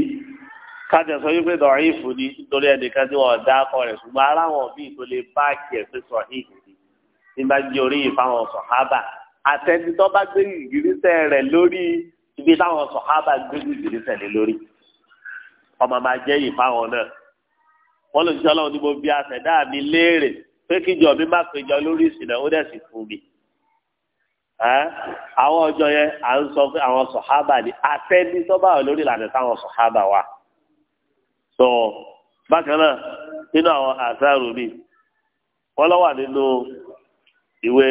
kájà sọ wípé dọ̀rọ̀ ni nítorí ẹnìkan tí wọ́n dá akọ rẹ̀ ṣùgbọ́n aráwọ̀n bíi tó lè báàkì ẹ̀ fẹ́ sọ àtẹni tó bá gbé ìgbésẹ̀ rẹ̀ lórí ibi táwọn sọ̀hábà gbé ìgbésẹ̀ rẹ̀ lórí ọmọ máa jẹ́ yìí fáwọn náà wọ́n lè ṣiṣẹ́ ọlọ́run ní mo bí àtẹ̀dá mi léèrè pé kíjọ mi má péjọ lórí ìsìnà ó dẹ̀ sì fún mi. àwọn ọjọ́ yẹn à ń sọ pé àwọn sọ̀hábà ni àtẹni tó bá wà lórí ìlànà táwọn sọ̀hábà wà. sọ bákan náà nínú àwọn àṣà rò mi wọ́n lọ́wọ́ nínú ìwé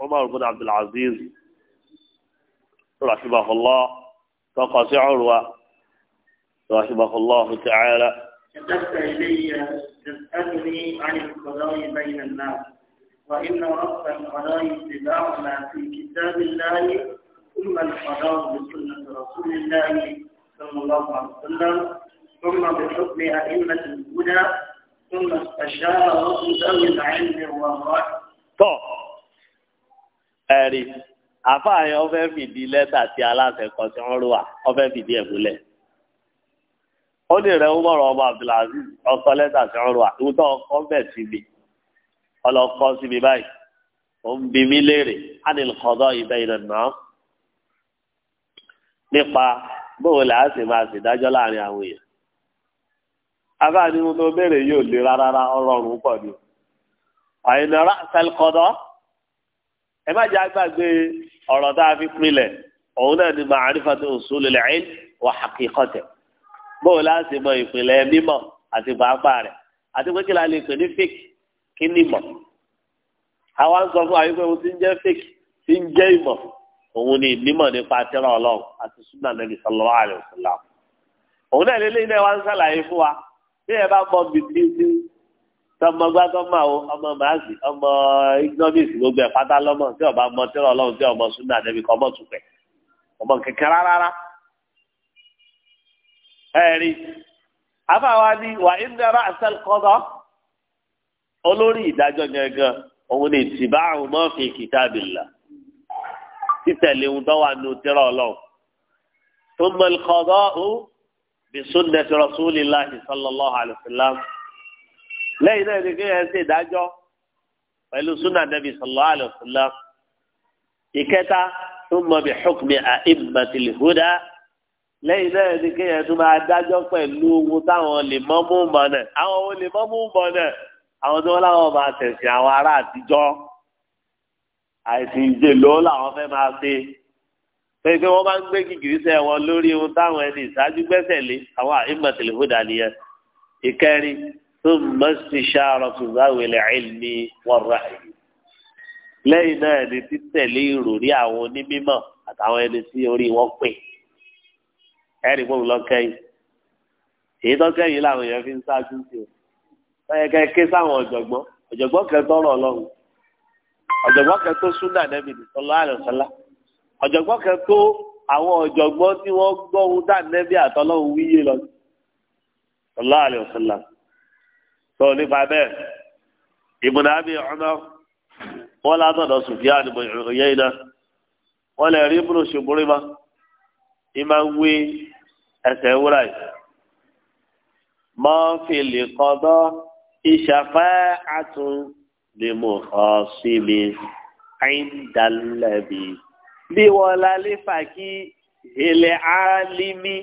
عمر بن عبد العزيز رحمه الله فقاس عروة رحمه الله تعالى كتبت إلي تسألني عن القضاء بين الناس وإن رب القضاء ما في كتاب الله ثم القضاء بسنة رسول الله صلى الله عليه وسلم ثم بحكم أئمة الهدى ثم استشار ذوي العلم والرحمة tọ́ ẹ̀rí àfààyàn ọfẹ́ fìdí lẹ́tà tí aláṣẹ kọ sí wọn ló wà fìdí ẹ̀ múlẹ̀ ó lè rẹ ń ọmọ abdulaziz ọkọ lẹ́tà sí wọn ìwúntọ́ ọkọ bẹ̀ síbi ọlọ́kọ síbi báyìí ó ń bi mí léèrè ánìlì kọ́dọ̀ ìbẹ́ ìlẹ̀ náà nípa bóun là á sì máa láàrin àwọn èèyàn àìlọ́ra sẹ́lkọ́dọ́ ẹ má jẹ́ àgbàgbé ọ̀rọ̀ tá a fi pinlẹ̀ òun náà ni ma'rifatu usulil ilm wa haqiqati bóò láti mọ ìpìlẹ̀ mímọ̀ àti pàápàá rẹ̀ àti pé kí la lè pè ní fake kí ni mọ̀ àwa ń sọ fún àyíkọ́ ohun tí ń jẹ́ fake tí ń jẹ́ ìmọ̀ òun ni ìmímọ̀ nípa tẹ́lá ọlọ́run àti súnà nàbì sallallahu alaihi wasallam òun náà lélẹ́yìn náà wá ń sàlàyé fún wa bí ẹ bá gbọ́ bìtì tọmọgbá tọmọ àwọn ọmọ màásì ọmọ ignomis gbogbo ẹ pátá lọmọ tí ọba mọ tí Ọlọ́run tí ọmọ súnà débi kọ ọmọ tùpẹ ọmọ kẹkẹ rárá ẹẹri afáwa ni wà ìnira àṣẹkọdọ olórí ìdájọ́ gẹ́gẹ́ òun ni tìbá àrùn mọ fi kìtàbìlà títẹ̀lé ohun tó wà nù tẹrọ Ọlọ́run tó mọ ìkọdọ ó bí sunnati rasulillahi sallallahu alaihi wasallam lẹ́yìn náà ni kéèyàn ṣe ìdájọ́ pẹ̀lú súnà nàbì sallallahu alaihi wasallam ìkẹta tó mọ bí hukmi a'immatil huda lẹ́yìn náà ni kéèyàn tó máa dájọ́ pẹ̀lú ohun táwọn lè mọ́ mú mọ́ náà àwọn ohun lè mọ́ mú mọ́ náà àwọn tó láwọn máa tẹ̀sìn àwọn ará àtijọ́ àìsí ìjèlò làwọn fẹ́ máa ṣe pé pé máa ń gbé gìgìrísẹ̀ wọn lórí ohun táwọn ẹni ìṣáájú gbẹ́sẹ̀ lé àwọn a'immatil huda nìyẹn ìkẹrin ثم استشارة ذوي العلم والرأي lẹ́yìn náà ni títẹ̀lé ìròrí àwọn onímọ̀ àtàwọn ẹni tí orí wọn pè ẹ̀rí gbóhùn lọ́kẹ́yìn èyí tọ́kẹ́yìn làwọn èèyàn fi ń ṣáájú sí o lọ́yẹ̀kẹ́ ké sáwọn ọ̀jọ̀gbọ́n ọ̀jọ̀gbọ́n kẹ́ tọrọ ọlọ́run ọ̀jọ̀gbọ́n kẹ́ tó súnà nẹ́bì sọlá àlọ́sọlá ọ̀jọ̀gbọ́n kẹ́ tó àwọn ọ̀jọ̀gbọ́n tí wọ́n gbọ́ ohun dá nẹ́bì àtọ́lọ́run wíyé lọ sọlá àlọ́sọlá sọ nípa bẹ́ẹ̀ ìbùnà àbí ọ̀nà wọn látọ̀dọ̀ Sufyan ibn Uyayna wọn lè rí ibùnà ṣubúrí ma ìmà ń wí ẹsẹ̀ wúrà yìí máa ń fi lè kọ́dọ̀ ìṣàfẹ́ àtún lè mú ọ sí mi àìndàlẹ́bí bí wọ́n lálẹ́ fàkí ilẹ̀ àlìmí.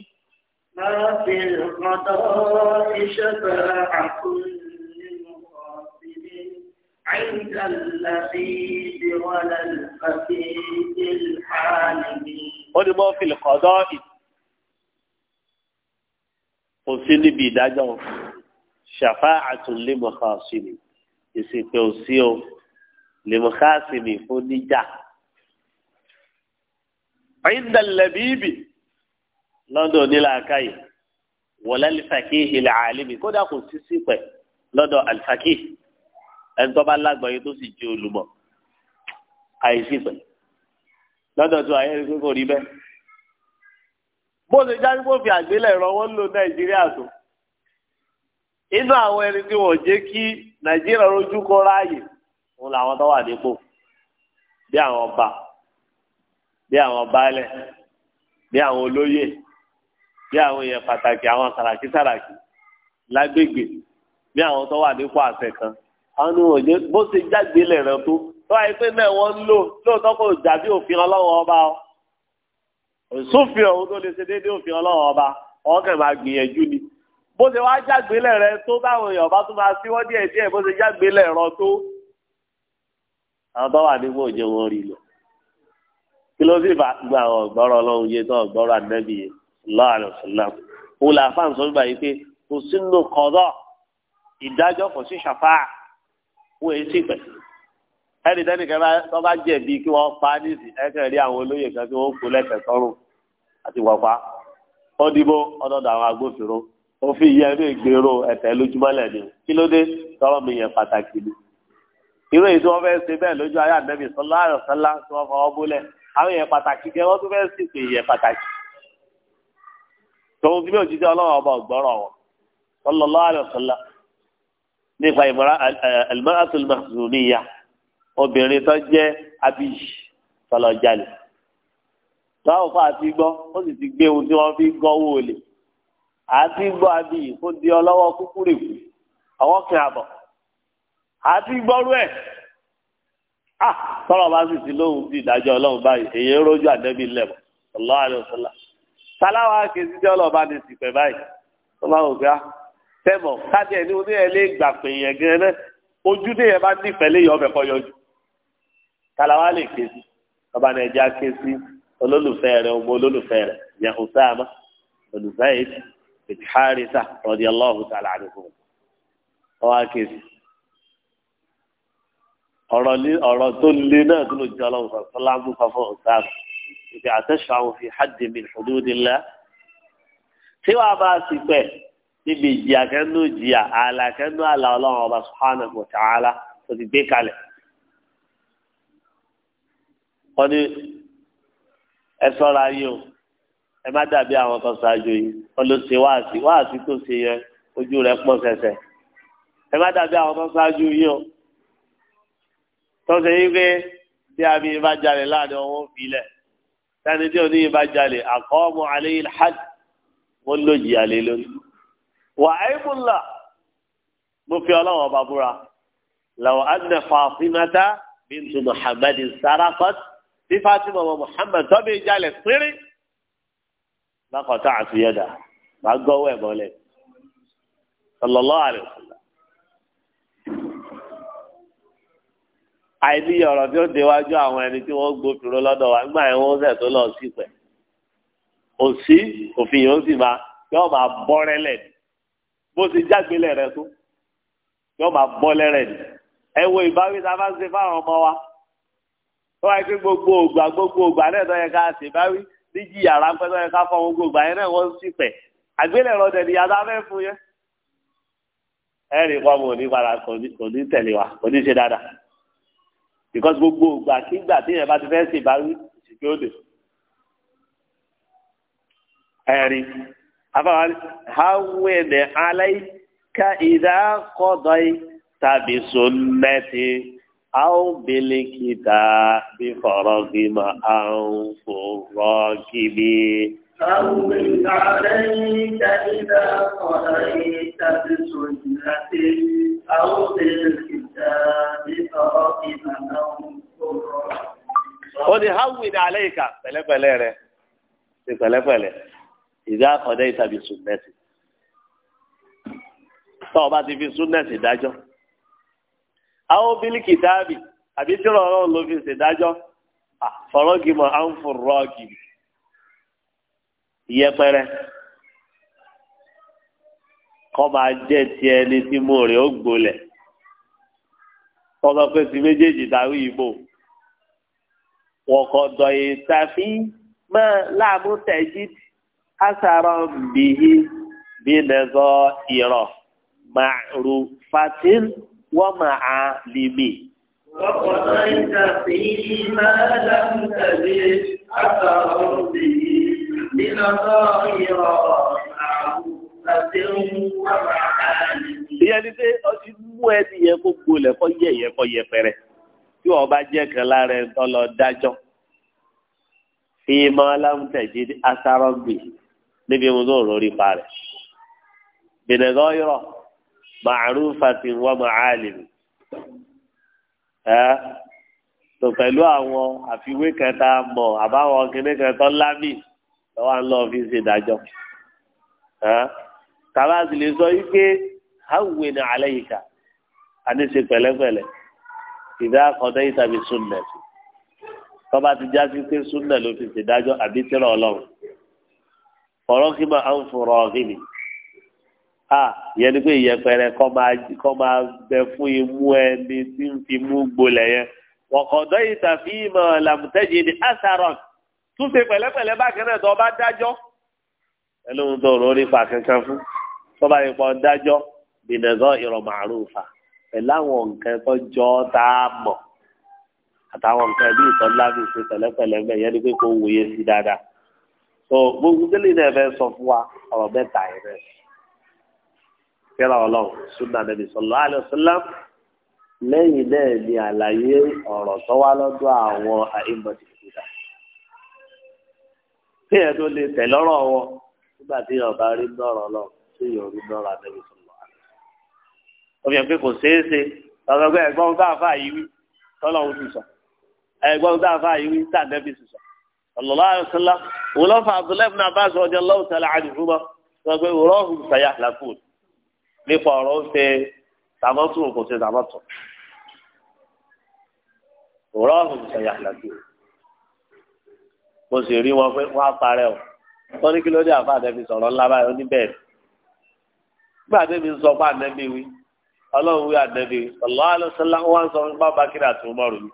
máa fi lè kọ́dọ̀ ìṣàfẹ́ àtún. عند اللبيب ولا الفتيد الحالم قل ما في القضاء قصيني بداجة شفاعة لمخاصمي ìsìnkú òsì o lèmùkásìmì fún níjà. عند اللبيب lọ́dọ̀ onílàákàyè wọ̀lá alifakí ilẹ̀ àlìmí kódà kò sí sípẹ̀ lọ́dọ̀ alifakí ẹni tó bá lágbàáyé tó sì jẹ́ olùmọ̀ àìsí pẹ lọ́dọ̀ tó ayé rí pé kò rí bẹ́ẹ̀ bó ṣe jáde kó fi àgbélẹ̀ rọwọ́ lò nàìjíríà tó inú àwọn ẹni tí wọ́n jẹ́ kí nàìjíríà rojú kọ ráàyè òun làwọn tó wà nípò bí àwọn ọba bí àwọn baálẹ̀ bí àwọn olóyè bí àwọn èèyàn pàtàkì àwọn sàràkí sàràkí lágbègbè bí àwọn tó wà nípò àṣẹ kan àánú òye bó ṣe jáde lẹ́rẹ̀ tó tó àyè pé náà wọ́n ń lò lóòótọ́ kò dàbí òfin ọlọ́wọ́ ọba o sófin ọ̀hún tó lè ṣe déédéé òfin ọlọ́wọ́ ọba ọ̀hún kẹ̀ máa gbìyànjú ni bó ṣe wá jáde lẹ́rẹ̀ tó báwọn èèyàn bá tún máa síwọ́ díẹ̀ díẹ̀ bó ṣe jáde lẹ́rọ tó àwọn tó wà nígbà òjò wọn rí lọ kí ló sì bá gba ọlọ́run yé tó ọ̀gbọ́rọ̀ wọn èyí sì pẹ̀ ẹnì tẹ́nìkan bá tọ́ bá jẹ̀bi kí wọ́n pa á nísì ẹ̀kẹ́ rí àwọn olóyè kan tí wọ́n kó lẹ́kẹ̀ẹ́ sọ́rùn àti wọ̀pá ó dìbò ọ̀dọ̀dọ̀ àwọn agbófinró òfin iye ẹni ìgbèrò ẹ̀tẹ̀ lójúmọ́lẹ̀ ni kí ló dé tọrọ mi yẹn pàtàkì ni irú èyí tí wọ́n fẹ́ẹ́ ṣe bẹ́ẹ̀ lójú ayé àdẹ́bí sọlá àròsọlá tí wọ́n fọwọ́ nípa ìmọ̀ra alimọ́ràtún mahzumiya obìnrin tó jẹ́ abiy tọlọjalè tọ́wọ́ fún àti gbọ́ ó sì ti gbé ohun tí wọ́n fi gbọ́ owó olè àti gbọ́ abiy kó di ọlọ́wọ́ kúkúrèkù ọwọ́ kí abọ̀ àti gbọ́rú ẹ̀ ah tọ́lọ̀ bá sì ti lóhùn sí ìdájọ́ ọlọ́run báyìí èyí rójú àdẹ́bí lẹ́mọ̀ sallallahu alaihi wasallam sáláwá kejì tí ọlọ́ọ̀bá ni sì pẹ̀ báyìí tó bá wò ah, tẹ́mọ̀ káàdì ẹni oní ẹ̀ lé gbà pé yẹn gan náà ojú tí yẹn bá nífẹ̀ẹ́ lé yọ ọbẹ̀ kọ́ yọjú kalawa lè ké sí ọba nàìjíríà ké sí olólùfẹ́ rẹ̀ ọmọ olólùfẹ́ rẹ̀ yẹn Usama olùfẹ́ yìí ètò Harisa radiyallahu ta'ala anhu ọwọ́ ké sí ọ̀rọ̀ tó le náà tó ló jẹ́ ọlọ́run sọ́lámù fọ́fọ́ Usama ìgbà àtẹ̀sọ̀ àwọn fi haddi min hududillah tí wàá bá níbi ìjìyà kẹ́nu ìjìyà ààlà kẹ́nu ààlà ọlọ́run ọba subhanahu wa ta'ala tó ti gbé kalẹ̀. wọ́n ní ẹ sọ́ra yìí o ẹ má dàbí àwọn kan ṣáájú yìí wọ́n ló ṣe wáàsí wáàsí tó ṣe yẹn ojú rẹ̀ pọ̀ ṣẹ̀ṣẹ̀ ẹ má dàbí àwọn kan ṣáájú yìí o tó ṣe yí pé tí a bí ibà jalè láàrin ọwọ́ ìfilẹ̀ sani tí o ní ibà jalè àkọ́ ọmọ alẹ́ yìí hajj wọ́n lò jìyà lé lórí wà áìbùlà mo fi ọlọ́wọ́ ọba búra làwọn adìyẹ fàáfínàtà bíntu muhammed sarafat tí fatima ọmọ muhammed tọ́bi ìjàlẹ̀ pínrín lákọ̀tà àti yẹ̀dà máa gbọ́wọ́ ẹ̀ mọ́lẹ̀ sọlọ́lọ́ àlùfáà. àìní ọ̀rọ̀ tí ó déwájú àwọn ẹni tí wọ́n gbófinró lọ́dọ̀ wa nígbà yẹn wọ́n sẹ̀ tó lọ sí pẹ̀ òsì òfin yìí sì máa yóò máa bọ́rẹ́lẹ̀ ni bó ti jágbélé rẹ tó yóò máa bọ́ lẹ́rẹ̀ ni ẹ wo ìbáwí tá a bá ń ṣe fáwọn ọmọ wa tó wáyé pé gbogbo ògbà gbogbo ògbà náà tó yẹ ká ṣe ìbáwí níjì yàrá ń pẹ́ tó yẹ ká fọ ohun gbogbo àyẹn náà wọ́n sì pẹ̀ àgbélẹ̀rọ dẹ̀ ni yàrá fẹ́ fún yẹn ẹ rí i pọ́nmọ́ òní padà kò ní tẹ̀lé wa kò ní ṣe dáadáa because gbogbo ògbà kígbà tí yẹn bá ti fẹ́ ṣe ìbáwí ìṣìkí ó dé ẹ rí i afahàn hawene alayka ìdá kọ́dọ̀ì tàbí sunnati àwọn bilikita bí fọ̀rọ̀ gbìmọ̀ àwọn fòrọ̀ kìbí. حول عليك إذا قريت بسنتي أو بالكتاب فرقم أنظر. Ó ní háwìn àlẹ́ ìkà pẹ̀lẹ́pẹ̀lẹ́ rẹ̀, ti pẹ̀lẹ́pẹ̀lẹ́ ìdá àkọ́dẹ́ ìtàbí súnẹ́sì tó o bá ti fi súnẹ́sì dájọ́ àwọn bílíkì dáàbì àbí tí ọlọ́run ló fi ṣèdájọ́ fọ̀rọ́gìmọ̀ à ń fọ̀rọ́gì ìyẹpẹrẹ kọ́ máa jẹ́ ti ẹni tí mo rè ó gbolẹ̀ tọ́lọ́ pé ti méjèèjì dáwí ìbò wọ́n kọ́ dọ̀yìn tàbí mọ́ láàmú tẹ̀jì tì asàrọ̀ bìhí bìlẹ̀gọ́ ìrọ̀ màrú fatin wọ́n màá lèmi. Wọ́pọ̀lọ́ ìtàfẹ́ yìí máa dáhùn tẹ̀lé asàrọ̀ bìhí bìlẹ̀gọ́ ìrọ̀ màrú fatin wọ́n màá lèmi. Ìyẹn ni pé ó mú ẹni yẹn kó gbolẹ̀ kó yẹ yẹ kó yẹ pẹrẹ tí wọn bá jẹ kan lára ẹ tọ lọ dájọ́ fíìmọ alámùtẹjì asárọgbìn níbi ohun tó rọrí pa rẹ̀ bìnnẹ̀gọ́ yọrọ màrúfàtì wọ́n mọ̀ áàlìmù ẹ́ tó pẹ̀lú àwọn àfiwé kẹta mọ̀ àbáwọn kíní kẹtọ́ lábì lọ́wọ́ ń lọ fi ṣe ìdájọ́ ẹ́ kàbáàsì lè sọ yìí pé hàwùwé ni alẹ́ yìí kà á ní ṣe pẹ̀lẹ́pẹ̀lẹ́ ìdá àkọ́tẹ́ yìí tàbí súnnà tọ́ba ti já pé súnnà ló fi ṣèdájọ́ àbí tẹ́lẹ̀ ọlọ́run ọ̀rọ̀ kí máa ń fọ̀rọ̀ ọ̀gbìnì a yẹn ni pé ìyẹpẹrẹ kọ́ máa bẹ fún imú ẹni tí ń fi mú gbolẹ̀ yẹn ọ̀kọ̀dọ́ ìtàfíìmọ̀ làmùtẹ́jì ni asarọ̀n túnṣe pẹ̀lẹ́pẹ̀lẹ́ bá kẹ́rẹ́ tó bá dájọ́ ẹlóhun tó rò nípa kankan fún tó bá yẹpọ̀ dájọ́ bìnàgọ́ ìrọ̀mọ̀ àrùnfà pẹ̀lú àwọn nǹkan tó jọ tá a mọ̀ àtàwọn nǹkan bí ìtọ́lá mi ṣe pẹ̀lẹ́pẹ̀lẹ́ mẹ́ yẹn pé kò wòye sí dáadáa tó gbogbo délé náà fẹ́ sọ fún wa ọ̀rọ̀ mẹ́ta yẹn rẹ̀ kíra ọlọ́run súnà nàbì sọlọ àlùsílám lẹ́yìn náà ni àlàyé ọ̀rọ̀ tó wá lọ́dọ̀ àwọn àìmọ̀tì ìgbà kí ẹ tó lè tẹ̀ lọ́rọ̀ nígbà tí ọba rí nọ́rọ̀ lọ sí yorùbá nọ́rọ̀ àtẹ̀wé sọlọ àlẹ́ obìnrin pé kò ṣeé ṣe ọ̀rọ̀ pé ẹ̀gbọ́n bá àfà yìí wí ti sọ ẹ̀gbọ́n bá àfà yìí wí tàǹdẹ́bì ti sallallahu alaihi wasallam òun lọ́fà abdullahi ibn abbas radiyallahu ta'ala anhuma wọ́n gbé rọ́ọ̀hùn sàyà làkùn nípa ọ̀rọ̀ ń ṣe tàmọ́tò kò ṣe tàmọ́tò rọ́ọ̀hùn sàyà làkùn mo sì rí wọn pé wọ́n á parẹ́ o wọ́n ní kí ló dé àfa àtẹ́bí sọ̀rọ̀ ńlá báyìí ní bẹ́ẹ̀ nígbà tẹ́bí ń sọ fún àtẹ́bí wí ọlọ́run wí àtẹ́bí sallallahu alaihi wasallam wọ́n sọ fún bábá kíra tó mọ̀rùn-ún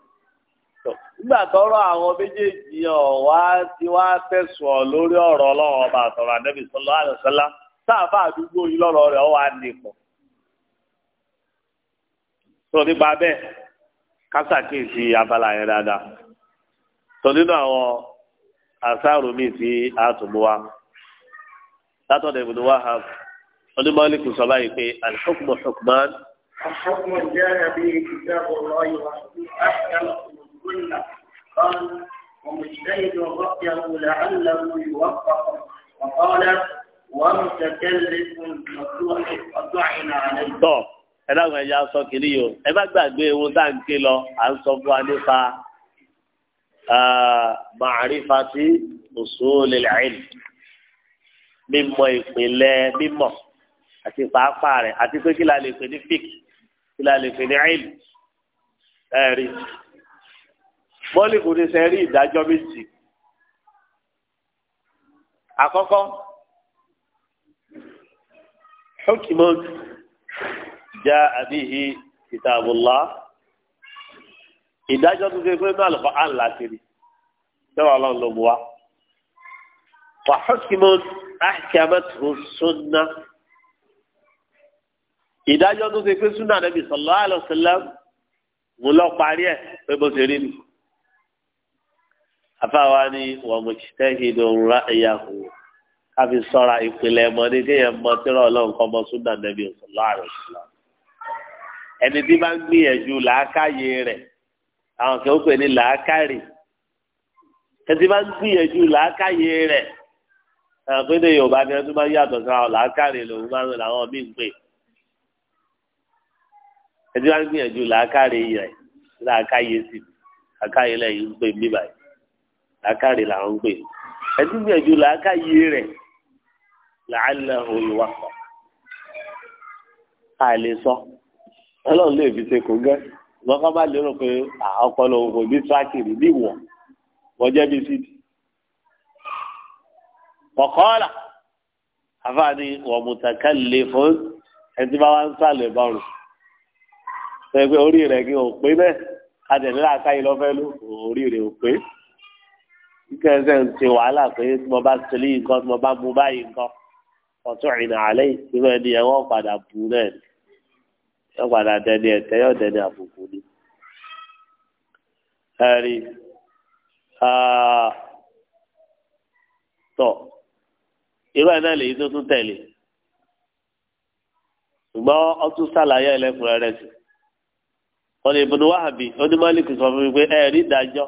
nígbà tọrọ àwọn méjèèjì ọwá tí wá tẹsùn ọ lórí ọ̀rọ̀ Ọlọ́run ọba àtọrọ àdẹbí sọlọ àlọsọlá sáàfà àdúgbò yìí lọ́rọ̀ rẹ̀ ọwà nìkan tó nípa bẹ́ẹ̀ kásàkíyèsí abala yẹn dáadáa tó nínú àwọn àṣàrò míì tí a tún mú wa látọ̀dọ̀ ibùdó Wahab onímọ̀lìkù sọ báyìí pé alḥukmu hukman. الحكم جاء به كتاب الله وحكم أحكم كنا قال ومجتهد رأيه لعله يوفق وقال ومتكلف مطعن عليه ẹ dáhùn ẹ yá sọ kiri yìí o ẹ bá gbàgbé ewu tá à ń ké lọ à ń sọ fún wa nípa màrífàtì usulil ilm mímọ̀ ìpìlẹ̀ àti pàápàá rẹ̀ àti pé kí la lè pè ní fíkì kí la lè pè ní ilm ẹ rí i mọ́lì kò ní sẹ́ rí ìdájọ́ méjì àkọ́kọ́ hukimun jaa bihi kitabullah ìdájọ́ tó ṣe pé náà lọ́kọ́ àlá kiri tẹ́wọ́ ọlọ́run ló mú wa. wà hukimun ahkamatu sunna ìdájọ́ tó ṣe pé sunna Nabi sallallahu alaihi mú lọ parí ẹ̀ pé bó ṣe rí nìyí afáwa ni wọn mo ti tẹ́hìn ní òun rà ẹ̀yà kù káfi sọ́ra ìpìlẹ̀ ẹ̀mọ́ ní kéèyàn mọ tírọ̀ ọlọ́run kọ́ mọ súnà nẹ́bí ọ̀sọ̀lá rẹ̀ ṣùlá ẹni tí bá ń gbìyànjú làákàyè rẹ̀ àwọn kan ó pè ní làákàrè ẹni tí bá ń gbìyànjú làákàyè rẹ̀ àwọn pé ní yorùbá ni ẹni tó máa ń yàtọ̀ sára làákàrè lòun máa ń làwọn míì ń pè ẹni tí bá ń gbìyànjú làákàrè rẹ̀ làákàyè sí làákàyè lẹ́yìn ń pè mí làákàrè làwọn ń pè ẹdúgbẹ̀jù làákàyè rẹ̀ làálẹ̀ olùwà a lè sọ ọlọ́run lè fi ṣe kò gẹ́ lọ́kọ́ bá lérò pé ọpọlọ òkò bí tírákìrì bí wọ̀ wọ́jẹ́ bí sídìí kọ̀kọ́ọ̀là àfáàní wọ̀mùtàkà lè fún ẹtí bá wá ń sàlẹ̀ bọ́ọ̀rù ṣe pé orí rẹ̀ kí o pé bẹ́ẹ̀ adẹ̀lẹ́ àkáyé lọ́fẹ́ ló orí rẹ̀ ò pé. kẹsẹ̀ ń ṣe wàhálà pé tí mo bá ṣe lé nǹkan tí mo bá mu báyìí nǹkan ọ̀tún ìrìn àlẹ́ ìṣúná ẹni ẹ̀ wọ́n padà bu náà ni padà dẹni ẹ̀tẹ́ dẹni àbùkù ni. ẹ̀rí tọ̀ irú ẹ̀ náà lèyí tó tún tẹ̀lé ṣùgbọ́n ọtún sàlàyé ẹlẹ́kùnrin rẹ̀ sí. onímọ̀lìkì sọ fún mi pé ẹ̀rí ìdájọ́.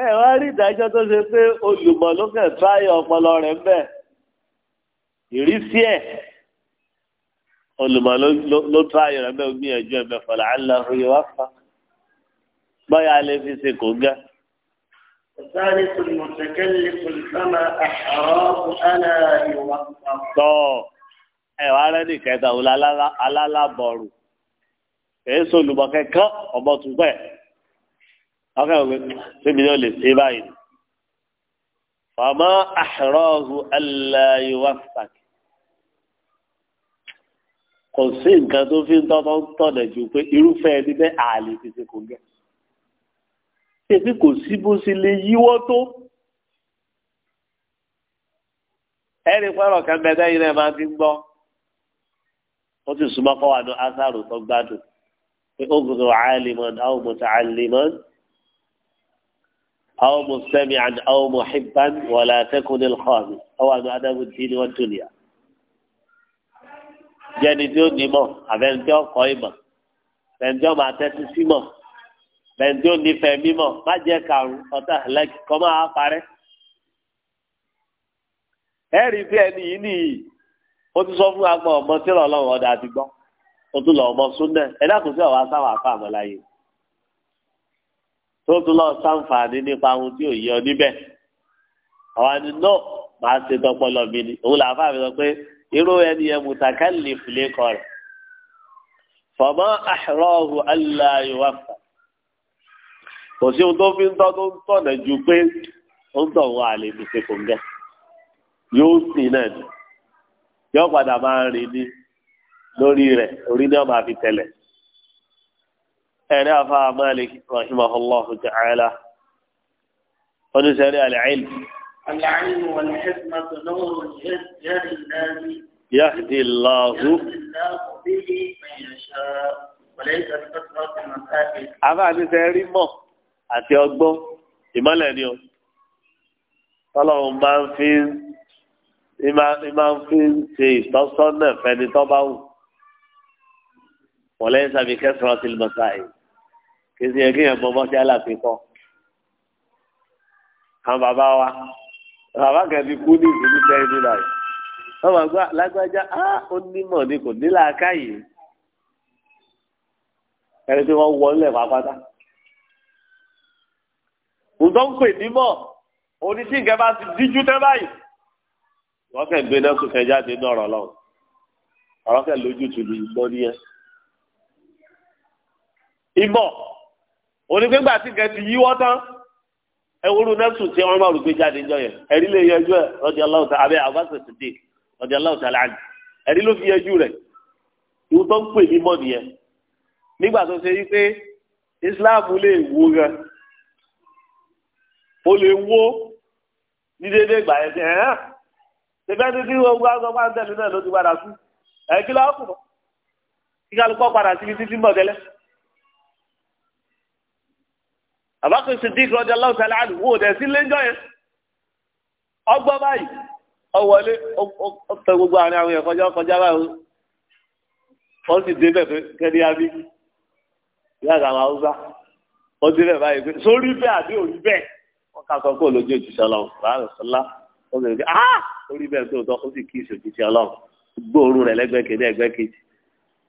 ẹ wá rí ìdájọ́ tó ṣe pé olùmọ̀ ló kẹ̀ báyìí ọpọlọ rẹ̀ bẹ́ẹ̀ ìrísí ẹ̀ olùmọ̀ ló báyìí rẹ̀ bẹ́ẹ̀ gbìyànjú ẹ̀ mẹ́fà làálà oyè wá fa báyà lè fi ṣe kò gá. ثالث المتكلف كما أحراه ألا يوفق. tọ́ ẹ wá rẹ́ nìkẹta òun alálàbọ̀rù kì olùmọ̀ kẹ̀kọ́ ọmọ tùpẹ́ ọkọ ìwé síbi yóò lè ṣe báyìí fàmọ́ àṣírọ́ọ̀hù aláyíwáfàkì kò sí nǹkan tó fi ń tọ́tọ́ tọ̀nà jù pé irúfẹ́ ẹni bẹ́ẹ̀ àlè tètè kò gẹ̀. ṣèbí kò sí bó ṣe lè yíwọ́ tó. ẹnì pẹ́rọ̀ kan bẹ́ẹ̀ yìí náà máa ti ń gbọ́. ó ti súnmọ́ kọ́ wà ní asáró tó gbádùn pé ó gbọdọ̀ àlìmọ́ náà ó mọ̀ta أو مستمعا أو محبا ولا تكن الخامس أو أن أدب الدين والدنيا jẹni tí ó ní mọ̀ àbẹni tí ó kọ́ ìmọ̀ bẹni tí ó máa tẹ́tí sí mọ̀ bẹni tí ó nífẹ̀ẹ́ mímọ̀ má jẹ́ karùn ọ̀tá lẹ́kì kọ́ máa parẹ́. ẹ rí bí ẹni yìí nìyí ó ti sọ fún agbọ̀n ọmọ tí ìrọ̀lọ́wọ́ ọ̀dà àti gbọ́ ó tún lọ ọmọ súnẹ̀ ẹ dákun sí ọ̀wá sáwọn àfa àmọ́ láyé o tó tún lọ sáǹfààní nípa ohun tí ò yẹ ọ níbẹ̀ àwa ni no máa ṣe tọpọlọ mi ni òun làá fàmì sọ pé irú ẹni yẹn mùtàkàlì fìlẹ kọ rẹ fọmọ àṣọrọhùn aláyọwà kò sí ohun tó fi ń tọ́ tó ń tọ̀nà ju pé ó ń tọ̀ wọ́n àlè fi ṣe ń gẹ́ yóò sìn náà ni yóò padà máa rìn ní lórí rẹ̀ orí náà máa fi tẹ̀lẹ̀ ẹ̀rẹ́ afa Malik rahimahullahu ta'ala wọ́n ti sẹ́rí al-ilm. al-ilm wal-hikmatu nurun yahdi Allahu bihi man yasha wa laysa bi-kathrati al-masail. afa ti sẹ́rí mọ̀ àti ọgbọ́n ìmọ̀lẹ̀ ni o tọ́lọ́run máa ń fi ń ṣe ìtọ́sọ́nà fẹ́ni tó wù wọ́n lẹ́yìn sábì kẹsàn-án ti lọ sáàyè kìsì yẹn kí yẹn bọ́ bọ́ sí aláàfin kọ́. àwọn bàbá wa bàbá kan ti kú ní ìlú tẹ́rì nílà yìí wọ́n máa gbọ́ lágbájá á ó nímọ̀ ni kò ní làákà yìí ẹni tí wọ́n wọ ilẹ̀ pàápàá. ǹtọ́ ń pè nímọ̀ oní tí nǹkan bá ti díjú tẹ́ báyìí wọ́n kẹ́ gbé náà sùn jáde ní ọ̀rọ̀ lọ́wọ́ ọ̀rọ̀ kẹ́ lójú tùlù ìgbọ́ nìyẹn ìmọ̀ onígbégbà tí nǹkan ti yíwọ́ tán ẹwúrú nẹ́sùn tí wọ́n máa rò gbé jáde jọ yẹn ẹ̀rí lè yẹjú ẹ̀ rọ́dí aláwọ̀ tá abẹ́ àbáṣe ṣèdè rọ́dí aláwọ̀ tá láàyè ẹ̀rí ló fi yẹjú rẹ̀ ìwú tó ń pè ní mọ̀ nìyẹn nígbà tó ṣe yí pé Islam lè wo gan o lè wo ní dédé gbà ẹ̀ ẹ̀ ẹ̀ ṣẹfẹ́ ní kí wọ́n gbọ́ máa ń tẹ̀lé náà ló ti padà kú ẹ̀ kí lọ́ọ́ kù kí kálukọ́ padà síbi títí mọ̀ tẹ́lẹ̀ àbákùn Siddiq radiyallahu ta'ala anhu wò dẹ̀ sí lẹ́jọ́ yẹn ọgbọ́n báyìí ọwọlé ọtọ gbogbo àárín àwọn èèyàn kọjá kọjá báyìí wọ́n sì dé bẹ̀ kẹ́ni abí yàrá àwọn haúsá wọ́n dé bẹ̀ báyìí pé sórí bẹ́ẹ̀ àbí òrí bẹ́ẹ̀ wọ́n kà sọ pé olójú òjìṣẹ́ ọlọ́run rárá sọlá ó sì rí ah orí bẹ́ẹ̀ tó tọ́ ó sì kí ìṣe òjìṣẹ́ ọlọ́run gbóòórùn rẹ̀ lẹ́gbẹ̀ẹ́ kejì ẹgbẹ́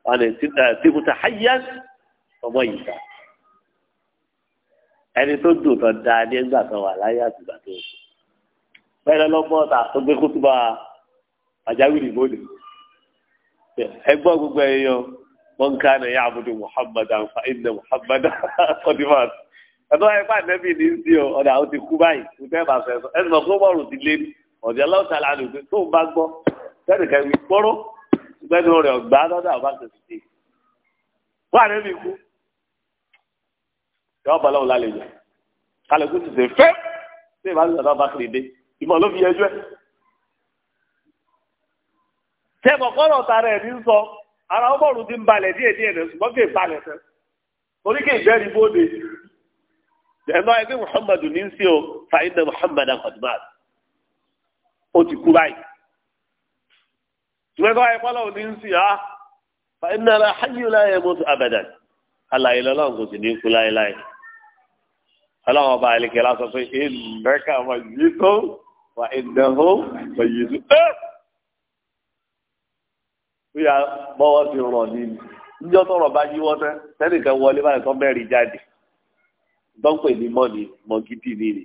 wọn ni tìbútà ẹni tó dùn tó da ní ẹgbà tó wà láyé àtìgbà tó sùn bẹ́ẹ̀ lọ́gbọ́n ta tó gbé kútùbà àjáwìrì mọ́ni ẹgbọ́n gbogbo ẹ̀yọ wọn ká ní ya'budu muhammadan fa inna muhammadan kọ́dífàt ẹ̀tọ́ ẹ̀fà nẹ́bí ní sí ọ ọ̀dà ó ti kú báyìí kú tẹ́ bá fẹ́ sọ ẹ̀sìn mọ̀ fún bọ́ọ̀lù ti lé ọ̀dì ọlọ́ọ̀tà lánàá pé tó ń bá gbọ́ sẹ́nìkẹ́ mi kpọ́rọ́ gbẹ́nu rẹ̀ ọ̀gbá lọ́dọ̀ àbá tẹ̀sí yọ bọ̀ lọ́wọ́ lálejò kálukú ti sè fẹ́ ṣé ìbá lọ́dọ̀ Abubakar dé ìmọ̀ ló fi yẹjú ẹ̀. tẹ́gbọ̀n kọ́lọ̀ tara ẹ̀ ní sọ ara ọmọọ̀rù ti ń balẹ̀ díẹ̀ díẹ̀ rẹ̀ ṣùgbọ́n kì í balẹ̀ fẹ́ torí kì í bẹ́ẹ̀rì bóde ẹ̀nà ẹgbẹ́ Muhammadu ní sí o fàyínà Muhammad akọ̀dùmáà ó ti kú báyìí ṣùgbọ́n ẹgbẹ́ kọ́lọ̀ ní sí a fàyínà rẹ̀ hajj láyé mọ́tò abadan alàyè lọ́lọ́run kò ní kú láyé láyé ọlọ́wọ́ bá àlekẹ́ lásán pé ìlẹ́kà wà yìí tó wà ìdánwò wà yìí tó ẹ́ bóyá bọ́wọ́ ti rọ̀ ní níjọ́ tọrọ bá yíwọ́ tẹ́ tẹ́nìkan wọlé báyìí tó mẹ́rin jáde dọ́pẹ́ ní mọ́ni mọ́gídì nìyí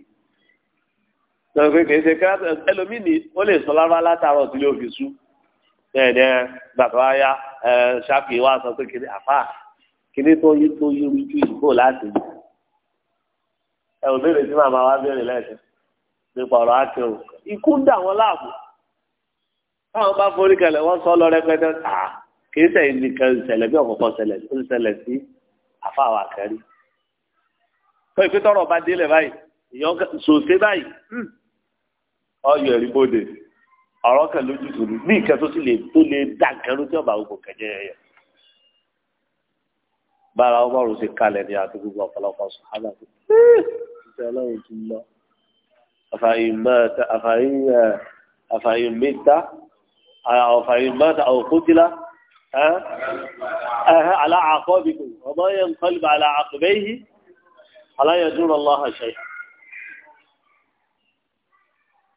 sọ̀rọ̀ pé kìí ṣe kí ẹlòmíì ní ó lè sọ lárúbá látàárọ̀ sílé òfìsú bẹ́ẹ̀ ni gbàtọ́ ayá ṣáfì wa sọ pé kìí àfà kìí tó yí tó yí rújú ìgbò láti yìí ẹ ò béèrè tí màmá wa béèrè lẹ́sìn nípa ọ̀rọ̀ akẹ́wò ikú ń dà wọ́n láàbò táwọn bá forí kẹlẹ̀ wọ́n sọ lọ rẹpẹtẹ tà kì í sẹ́yìn nìkan ìṣẹ̀lẹ̀ bí ọ̀pọ̀pọ̀ ṣẹlẹ̀ ó ń ṣẹlẹ̀ sí àfàwà kẹrí. pé ìpítọ́rọ̀ bá délẹ̀ báyìí ìyọ́n sòṣe báyìí hmm. ọyọ ẹ̀rí bóde ọ̀rọ̀ kan lójú tòlú ní ìkẹ́ tó sì lè tó lè dá kẹrù tí ọba gbogbo kẹjẹ yẹ. bára ọmọ rò ṣe kalẹ̀ ní àti gbogbo ọ̀pọ̀lọpọ̀ sùn òjíṣẹ́ ọlọ́run ti lọ àfàìmẹ́ta àfàìmẹ́ta òkútìlá aláàkọ́bìkù ọmọ yẹn kọlùbà aláàkùbẹ́yì aláyẹ̀dúró lọ́hà ṣe.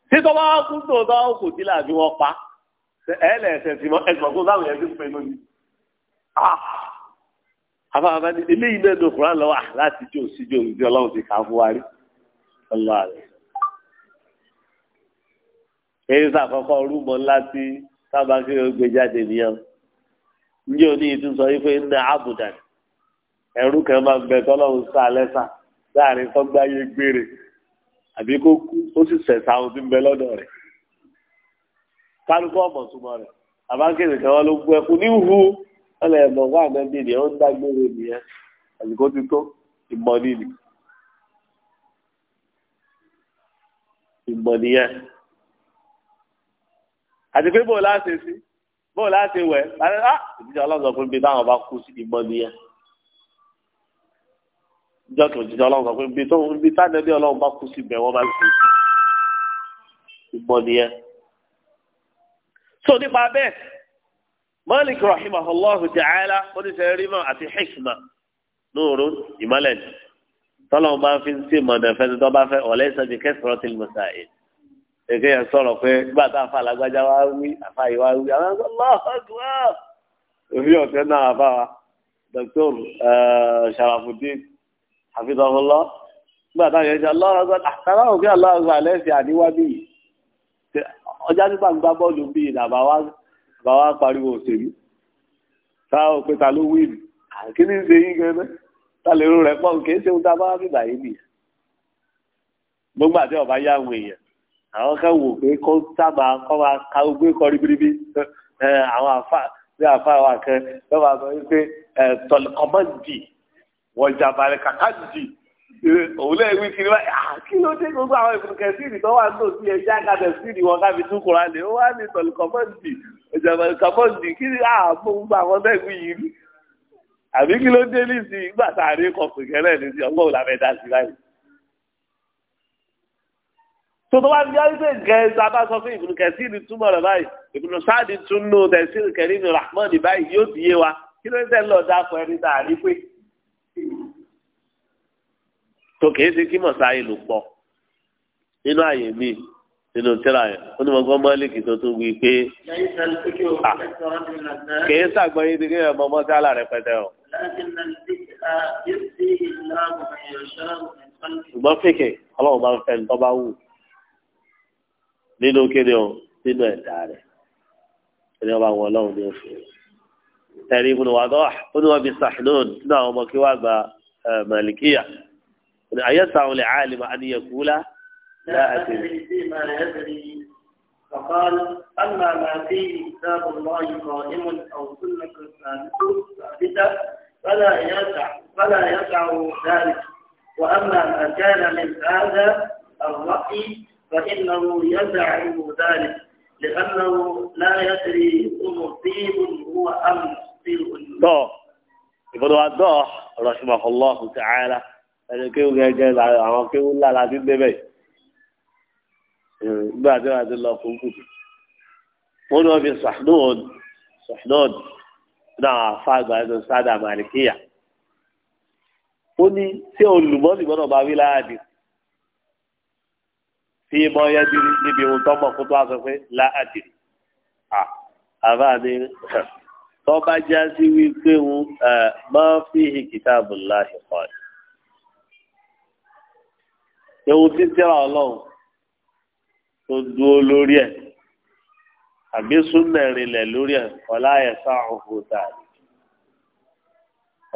títọ́ bá kú tó bá òkútìlá bí wọ́n pa ẹ̀ẹ́lẹ̀ ẹ̀sẹ̀ sí mọ́ ẹ̀sùn ọ̀gbọ́n báwọn yẹn afáfá ní eléyìí náà ní Kùránì lọ́wọ́ láti jó síjó ní ọlọ́run ti kà á fún wa rí ọlọ́run rẹ̀. èyí sàkọ́kọ́ rúbọ ńlá tí sábà kí o gbé jáde nìyẹn njẹ́ òní yìí tún sọ yìí pé ní àbùdá ẹ̀rú kan máa ń bẹ tọ́lọ́run sá lẹ́sà láàrin sọ́gbáyé gbére àbí kó kú ó sì sẹ̀sà ohun tí ń bẹ lọ́dọ̀ rẹ̀ kálukọ́ ọ̀mọ̀túnmọ̀ rẹ̀ àbákẹ́rẹ̀ kan wọn ló gbọ́ ẹkùn ní ọlẹ́ ẹ̀mọ̀ wà nẹ́bí ni ó ń dágbére nìyẹn àsìkò ti tó ìmọ̀ nìyí ìmọ̀ nìyẹn àti pé bó láti sí bó láti wẹ̀ á ah! ìdíjà ọlọ́run fún mi táwọn bá kú sí ìmọ̀ nìyẹn ìjọ kí òjijì ọlọ́run sọ pé ibi tó ibi tánẹ́bí ọlọ́run bá kú sí ibẹ̀ bá kú sí ìmọ̀ nìyẹn. so nípa bẹ́ẹ̀ malik rahimahullahu ta'ala wọ́n ti sẹ́rí mọ́ àti hikma lóòrò ìmọ̀lẹ̀ tọ́lọ̀ bá fi ń sí mọ̀dẹ̀fẹ́ tó bá fẹ́ ọ̀lẹ́ sọ́bi kẹsàn-án ti mọ̀ sáyé èké yẹn sọ̀rọ̀ pé nígbà tá a fa alágbájá wa wí àfa yìí wa wí àwọn ẹ̀sọ́ lọ́ọ̀dùwà òbí ọ̀sẹ̀ náà àfa wa dr eh, sharafudin hafizahullah nígbà tá a yẹn ṣe aláwọ̀ àtàrà òkè aláwọ̀ àlẹ́ ṣe àníwájú yìí ọjà nígbà gbá bọ́ọ̀lù bíi ìdàbà wa bàbá pariwo òṣèlú sáà òpin ta ló wíìlì kí ni ń ṣe yín gẹ́gẹ́ ta lè rú rẹ̀ pọ̀ kì í ṣe ohun tá a bá bíbà yìí nìyẹn gbogbo àti ọba yá àwọn èèyàn àwọn kan wò pé kó sábà kó máa ka ogbé kọ ribiribi àwọn àfa bí àfa wa kan lọ́wọ́ àgbà wípé tọ̀lẹ̀kọ́mọ́dì wọ̀jàbàrẹ̀ kàkàdì òun lè wí kiri wáyé ah, kí ló dé gbogbo àwọn ìfúnkẹ́ síìdì tó wà nínú sí ẹja kàtẹ́ síìdì wọn kábi tún kura lè ó wà ní tọ̀lù kọ́mọ́ǹdì ìjọba kọ́mọ́ǹdì kí ni àbò ah, gbogbo àwọn bẹ́ẹ̀gbì yìí rí àbí kí ló dé nísì ìgbà tá a rí kọ̀ọ̀kì kẹlẹ́ ní ti ọgbọ́n làbẹ́ dá sí láyé. tó tó wá ní ọdún tó gẹ sábà sọ fún ìfúnkẹ́ síìdì túmọ̀ rẹ̀ báyìí ìfúnnù tó kìí ṣe kí mọ̀sáyé ló pọ̀ nínú àyè mi nínú tíra yẹn ó ní mọ̀gbọ́n mọ́lìkì tó tún wí pé kìí ṣàgbọ́yé ti kéèyàn mọ mọ́sálà rẹpẹtẹ o. ṣùgbọ́n fèkè ọlọ́run bá ń fẹ́ ní tọ́ba wù nínú kéde o nínú ẹ̀dá rẹ̀ ẹni ọba àwọn ọlọ́run ní oṣù tẹ̀lé ibùdó wàdọ́ ó ní wọ́n fi sàḥnún nínú àwọn ọmọ kí wàá gba màlìkíyà. أيسع لعالم أن يقول لا أدري فيما يدري فقال أما ما فيه كتاب الله قائم أو سنة ثابتة فلا يسع فلا يسع ذلك وأما ما كان من هذا الرأي فإنه يدعه ذلك لأنه لا يدري مصيب هو أم مصيب. الله رحمه الله تعالى ẹni kéwù gẹ́gẹ́ àwọn kéwù ńlá la ti débẹ̀ gbà tí wọ́n ti lọ fún kùtù wọ́n ní wọ́n fi sàdóòn sàdóòn náà àfa àgbà ẹni sádà màlìkíyà ó ní tí olùmọ́sí gbọ́dọ̀ bá wí láàdì tí mọ yẹ di níbi ohun tọ́mọ̀ kó tó a sọ pé láàdì àbá ni tọ́ bá já sí wípé wọn máa fi hìkìtà bùnlá ìkọ́ni ewu tí tíra ọlọ́run tó dúró lórí ẹ̀ àbí súnmẹ̀ rinlẹ̀ lórí ẹ̀ ọ̀la ẹ̀sà òfò tà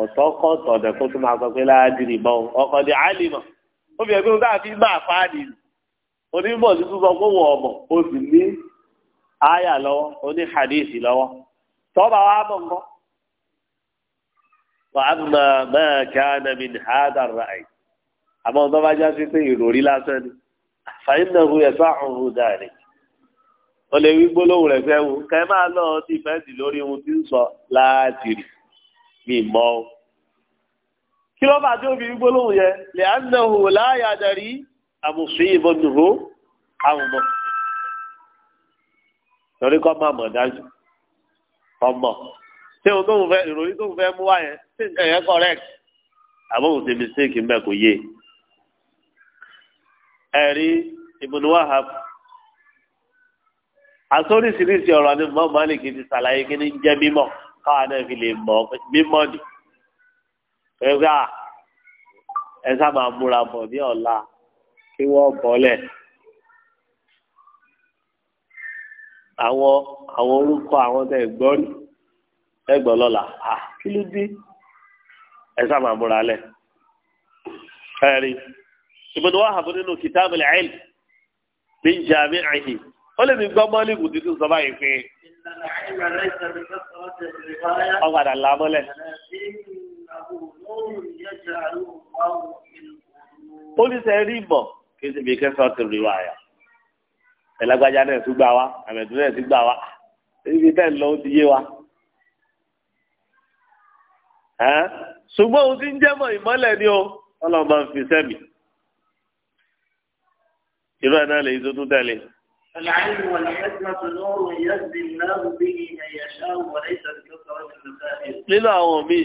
ọ̀tọ̀ kọ́ tọ̀dẹ̀ kó tó máa sọ pé láàdìrì mọ́ ọkọ̀ di àlìmọ̀ ó fi ẹgbẹ́ òun fi máa fa ni onímọ̀ ní sísọ pé wọ́n ọmọ o sì ní àyà lọ́wọ́ o ní hadithi lọ́wọ́ tọ́ba wa mọ̀ nǹkan. wàá mọ̀ mẹ́ẹ̀ká nàmín hádàrà àìsí àmọ́ ọ̀dọ́ bá já sí pé ìròrí lásán ni fàyín náà hu ẹ̀fọ́ àrùn dàrí o lè wí gbólóhùn rẹ̀ fẹ́ wo kẹ́ máa lọ dìfẹ́ǹsì lórí ohun tí ń sọ láti rì mí mọ́ o kí ló bá tí ó fi wí gbólóhùn yẹn lè á náà hu láàyè àdàrí àmùsùn ìbọn nùhó àwọn ọmọ torí kọ́ máa mọ̀ dájú ọmọ tí o tóun fẹ́ ìròyìn tóun fẹ́ mú wá yẹn ẹ̀yẹ correct àbọ̀ òun ti mistake ń bẹ kò yé e ẹ̀rí Ibn Wahab àsóríṣiríṣi ọ̀rọ̀ ni mọ́ Malik ti ṣàlàyé kí ni jẹ́ mímọ́ káwa náà fi lè mọ̀ mímọ́ ni ẹ̀ka ẹ sábà múra bọ̀ ní ọ̀la kí wọ́n bọ́lẹ̀ àwọn àwọn orúkọ àwọn tẹ gbọ́n ẹgbọ́n lọ́la à kí ló dé ẹ sábà múra lẹ̀ ẹ̀rí. Ibn Wahab nínú kitab al-ilm min jami'ihi ó lè mi gbọ́ mọ́lìkù tuntun sọ báyìí pé ọgbàdà làmọ́lẹ̀. pólísẹ̀ rí mọ̀ kí ṣe bí kẹsàn-án ti rí wáyà ẹlágbájá náà tún gbà wá àmẹ̀tún náà tún gbà wá ibi bẹ́ẹ̀ lọ ó ti yé wa. ṣùgbọ́n ohun tí ń jẹ́ mọ̀ ìmọ́lẹ̀ ni ó ọlọ́mọ fi sẹ́mi irú ẹ̀ náà lè tó tún tẹ̀lé. العلم والحكمة نور يهدي الله به من يشاء وليس بكثرة المسائل. لنا أومي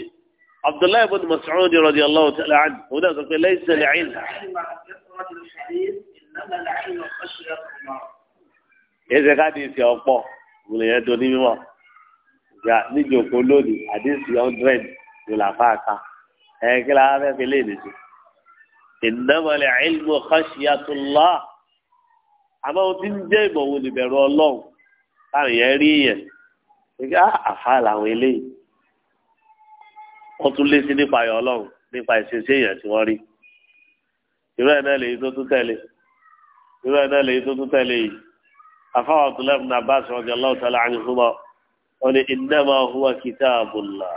عبد الله بن مسعود رضي الله تعالى عنه هنا يقول ليس العلم العلم كثرة الحديث إنما العلم خشية الله. إذا كان يسير أبوه ولا يدوني ما ya níjókòó lónìí àdéhùn hundred ló là fà ká ẹ kí la fẹ́ fi léèdè sí. ìnáwó ilmu khashiyatullah àmọ́ ohun tí ń jẹ́ ìmọ̀ wo lè bẹ̀rù ọlọ́run táwọn yẹn rí yẹn nígbà àfa làwọn eléyìí wọ́n tún lé sí nípa ayọ̀ ọlọ́run nípa ìṣesí èèyàn tí wọ́n rí irú ẹ̀ náà lèyí tó tún tẹ̀lé irú ẹ̀ náà lèyí tó tún tẹ̀lé yìí afa Abdullah ibn Abbas radiyallahu ta'ala anhuma wọ́n ní innama huwa kitabullah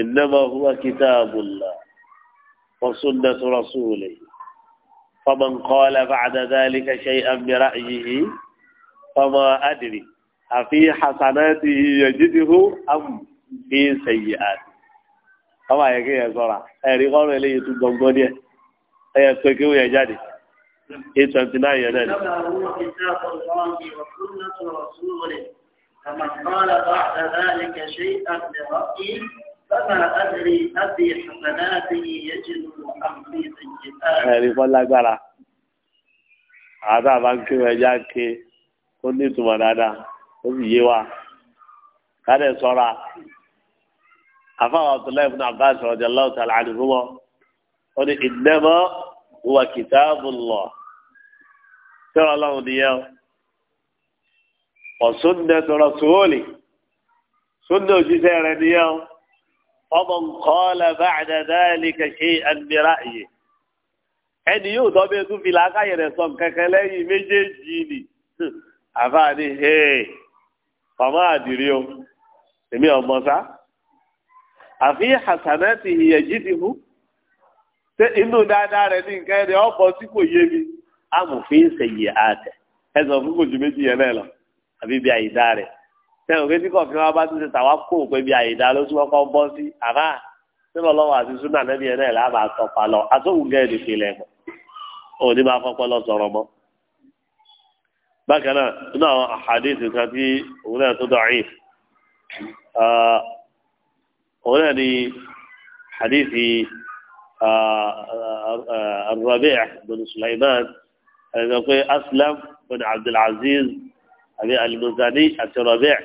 innama huwa kitabullah wa sunnatu rasulihi. فمن قال بعد ذلك شيئا برأيه فما أدري أفي حسناته يجده أم في سيئات كما يقول يا سورة أي رغم إليه تبقى قولي أي أتوكيو يا جادي هي إيه تنتنا يا نادي كما قال بعد ذلك شيئا برأيه فما أدري أبي حسناتي يجد أم في سيئات. ẹ̀rí kọ́ lágbára àtàwọn akéwà ẹja ké ó ní ìtumọ̀ dáadáa ó sì yé wa káde sọ́ra àfáwọn Abdullahi ibn Abbas radiyallahu ta'ala anhuma ó ní innama huwa kitabullah sọ́ra ọlọ́run nìyẹn wa sunnatu rasuli sunna òjíṣẹ́ rẹ̀ nìyẹn. ومن قال بعد ذلك شيئا برأيه ẹni yóò tọ́ bẹ́ẹ̀ tún fi làákàyè rẹ̀ sọ kankan lẹ́yìn méjèèjì ni àbá ni ọmọ àdìrí o èmi ọmọ sá àfi hasanati yajidihu ṣé inú dáadáa rẹ̀ ní nǹkan ẹni ọ̀pọ̀ tí kò yé mi amòfin ṣèyí àtẹ ẹ sọ fún kòjú méjì yẹn náà lọ àbí bí àyídá rẹ̀ ṣe òkè tí kọ̀ọ̀kan wa bá tún ṣe tàwa kó òpè bí àyèdá ló tún kọ́kọ́ bọ́ sí àbá nílò lọ́wọ́ àti súnà nẹ́bí ẹ̀ náà lábàá tọpa lọ àtọ́wù gẹ́ẹ̀dì pilẹ̀ mọ́ òní máa fọ́pọ́ lọ sọ̀rọ̀ mọ́. bákan náà nínú àwọn àhàdíìsì kan tí òun náà tó dọ̀ọ́yìn òun náà ni àhàdíìsì الربيع بن سليمان أنا أقول أسلم بن عبد العزيز أبي المزني الربيع